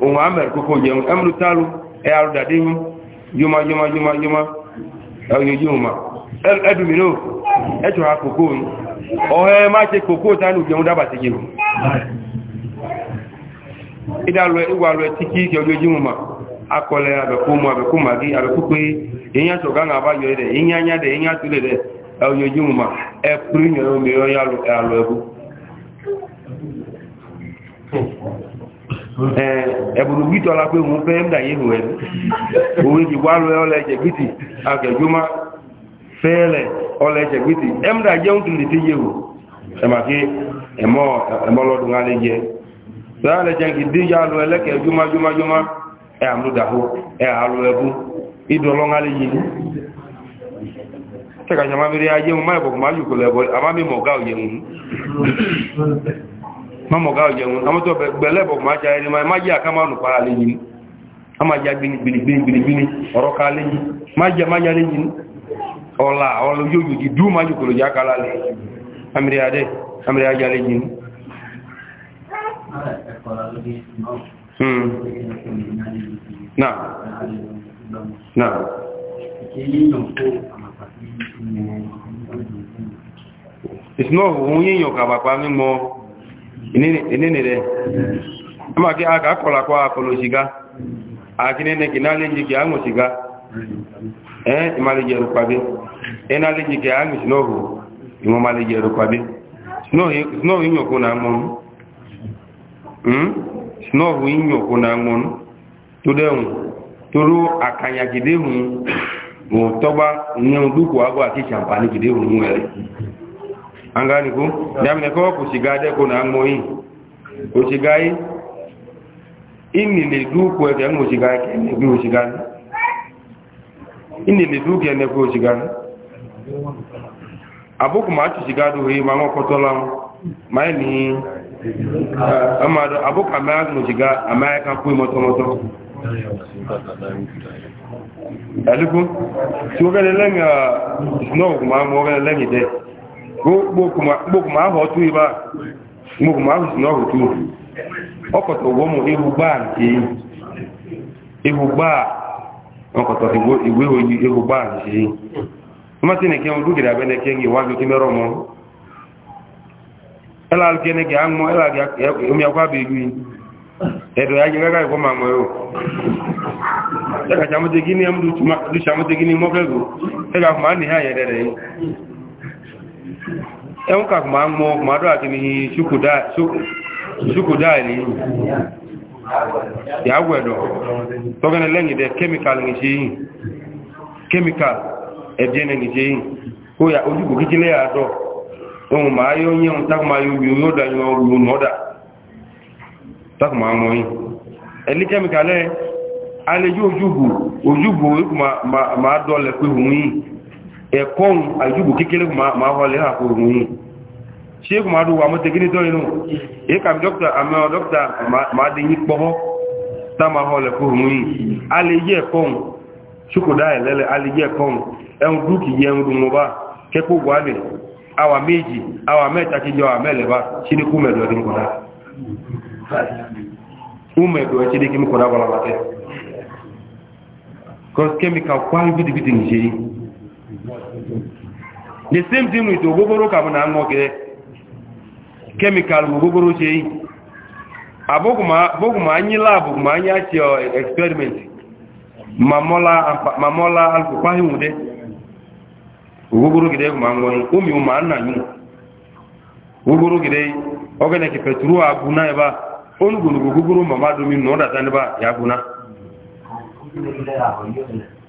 ohun amẹ̀rẹ̀ kókó jẹun ẹmùrù tálù ẹ yọmọ yọmọ yọmọ yọmọ ẹ̀yọjú òun ma ẹdùnmí ọ̀hẹ́ má ṣe kókó tálù jẹun dábà ti jẹun ìdálọ ìwà lọ tí kí kí ọjọ́jú ma akọlẹ̀ abẹ̀kómọ abẹ̀kómàgí abẹ̀kókó èyàn sọ̀gá àbáyọ ẹ̀bùn gbítọ̀ la pé òun fẹ́ ń dà yéhù ẹ̀ òun ti wá lọ ọlẹ́ ẹ̀jẹ̀ gbìtì akẹ̀jọ́má fẹ́ẹ̀lẹ̀ ọlẹ́ ẹ̀jẹ̀ gbìtì ẹ̀mdà jẹun tó lè ti yéhù ẹ̀màkí ẹ̀mọ́lọ́dún alẹ́ jẹ sọ́yàlẹ̀ jẹ́ kì dí yá lọ ẹlẹ́kẹ̀ jómájómájómá ẹ̀ mọ́mọ̀gá ọ̀jẹun amọ́tọ́ gbẹ̀lẹ́bọ̀ máa jẹ́ ẹni máa jẹ́ àkámánù para lè yìí a máa jẹ́ gbìnigbìnigbìnigbìni ọ̀rọ̀ ká lè yìí máa jẹ́ máa jẹ́ lè yìí ọ̀la ọ̀la yóò yìí dú máa jùkòrò já kálá lè amìrì adé amìrì ajá lè yìí hmm. náà náà ìsinú enenere ama gị a ga-akọrọ akwa akọrọ shiga akịnene gị naanị ji gị aṅụ shiga ee eh, ịmalị ji erukwa gị ee gị aṅụ si n'ohu ịnwe malị ji erukwa gị snow inyokwu na na aṅụ hmm? tudenwu turu akanya gidehun tọgba nye agụ akị champani nwere angani ku damne ko ku sigade ko na moyi ku sigai inni le du ko ke ngo sigai ke ku
inni le du ke ne ku sigai
abuku ma tu sigado he ma ngo kotola ma e ni eh, amado abuku ma ngo siga amaya e kan ku moto moto
aliku ti
o gele lenga eh, snow ma de gbokuma ahụ ọtụ ibe a ahụ si n'ọhụ tu ụgwọ mụ ihu gbaa nke ihu gbaa ọkọta igwe oyi ihu gbaa nke mmasị na-eke m dugere abịa na-eke gị nwa gị oke mere ọmụ ela gị gị aṅụ gị e- e- bụ edo ya gị ma o ya kacha gị gị n'ime ọkụ ego ị ga-ahụ ma a na anyị edere ẹ̀hún kàkù máa ń mọ́ ọmọdọ́ àti ní ṣúkúdáà ní ìyàwó ẹ̀dọ̀ tọ́gẹ́nà lẹ́yìn dẹ kẹ́míkàlì ní ṣe yìí kẹ́míkàlì ẹ̀dẹ́ ní ṣe yìí kó yà ojúkù kíkílẹ̀ àádọ́ ohun máa yóò yẹun tákù máa yóò yóò dáyọ ohun ọ̀dà tákù máa mọ́ yìí ẹ̀lí kẹ́míkàlì alẹ́jú ojúbù ojúbù máa dọ́lẹ̀ pé òun yìí ẹ̀kọ́n àjúbù kékeré ma wọlé àkóòrò mú yìí ṣe kò máa dùn wà mọ́tẹ̀ gíní tó inú ìkàmì dókítà àmì dókítà máa dé yí pọ́họ́ tá ma wọlé àkóòrò mú yìí a lè yí ẹ̀kọ́n ṣùkòdá ẹ̀lẹ́lẹ́ a lè yí ẹ̀kọ́n ẹ̀hùn dúkì yẹ ń dùn ọba kẹ́kọ̀ọ́ wà ní àwà méjì àwà mẹ́ta kejì àwà mẹ́lẹ̀bá ṣe ní kú mẹ́dọ̀ ẹ̀dín kọ̀dá kú mẹ́dọ̀ ẹ̀ṣẹ́ dé kọ́s kẹ́míkà kwáyé bìtìbìtì nìṣe yìí the same thing with ogogoro ka bụ na aṅụ gị kemikal bụ ogogoro che yi abụghị ma anyị labụ ma anyị achị eksperimenti ma mọla alụkwaghị nwude ogogoro gị ma aṅụghị omi ma nna nyụ ogogoro gị ogene ke petro aguna eba onugbo ogogoro mama domi na ọ data n'ebe ya na.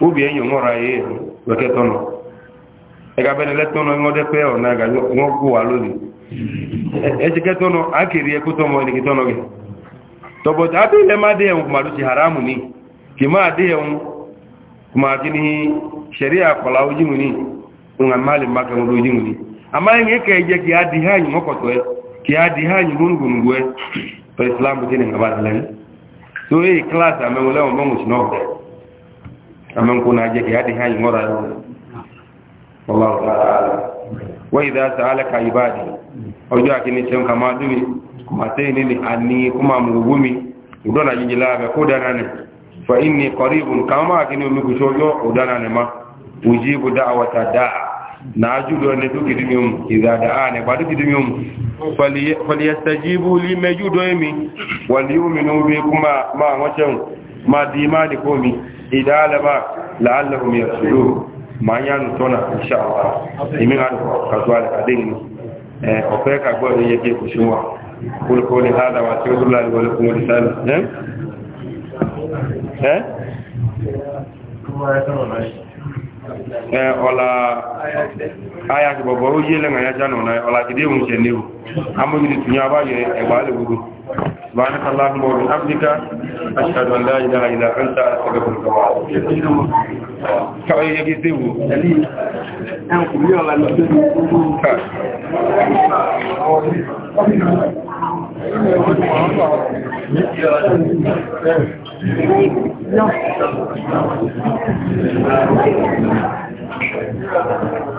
obi enyi ŋɔra ye wɛkɛ tɔnɔ ɛga bɛ lɛ tɔnɔ ŋɔ dɛ pɛ ɔna ga ŋɔ gu wa lóni ɛtsikɛ tɔnɔ akeri ɛkú tɔmɔ ɛniki tɔnɔ kɛ tɔbɔtɔ abe lɛ ma de yɛn kuma do si haramu ni kìma de yɛn kuma kini sariya kɔla oji ŋuni ŋa e, e. ma le ma kɛ do ama kɛ yɛ yɛ ti ne ŋa ba lɛ so eyi klas amɛ lɛ ŋɔ aman kuna jeki hadi hayi ngora yo wallahu ta'ala wa idha sa'alaka ibadi ojo akini chem kama dumi kuma teni ni ani kuma mugumi udona jinjila ga kodana ne fa inni qaribun kama akini mi kushojo udana ne ma ujibu da'wata da'a na ajudo ne duki dimiyum idha da'ane ba duki dimiyum faliyastajibu li mejudo emi wal yu'minu bi kuma ma wacan ma di ma di komi idalaba la'allahum yashkurun ma ya nu tona insha Allah imi ga eh, ka zuwa da adin eh o fe ka gbo ni yake ku shuwa
kul qawli hada wa tawallu wa lakum risal eh eh kuma ya tawallu ọla eh, aya gbọgbọ ó yé lẹ́nà ayájá nù náà
ọla gidi ewu jẹ níwò amóhìrì tún yá báyẹ ẹgbà lè gbogbo سبحانك اللهم وبحمدك اشهد ان لا اله الا انت استغفرك واتوب اليك كاي يجي سيو ان كل يوم لا نسيو
Non.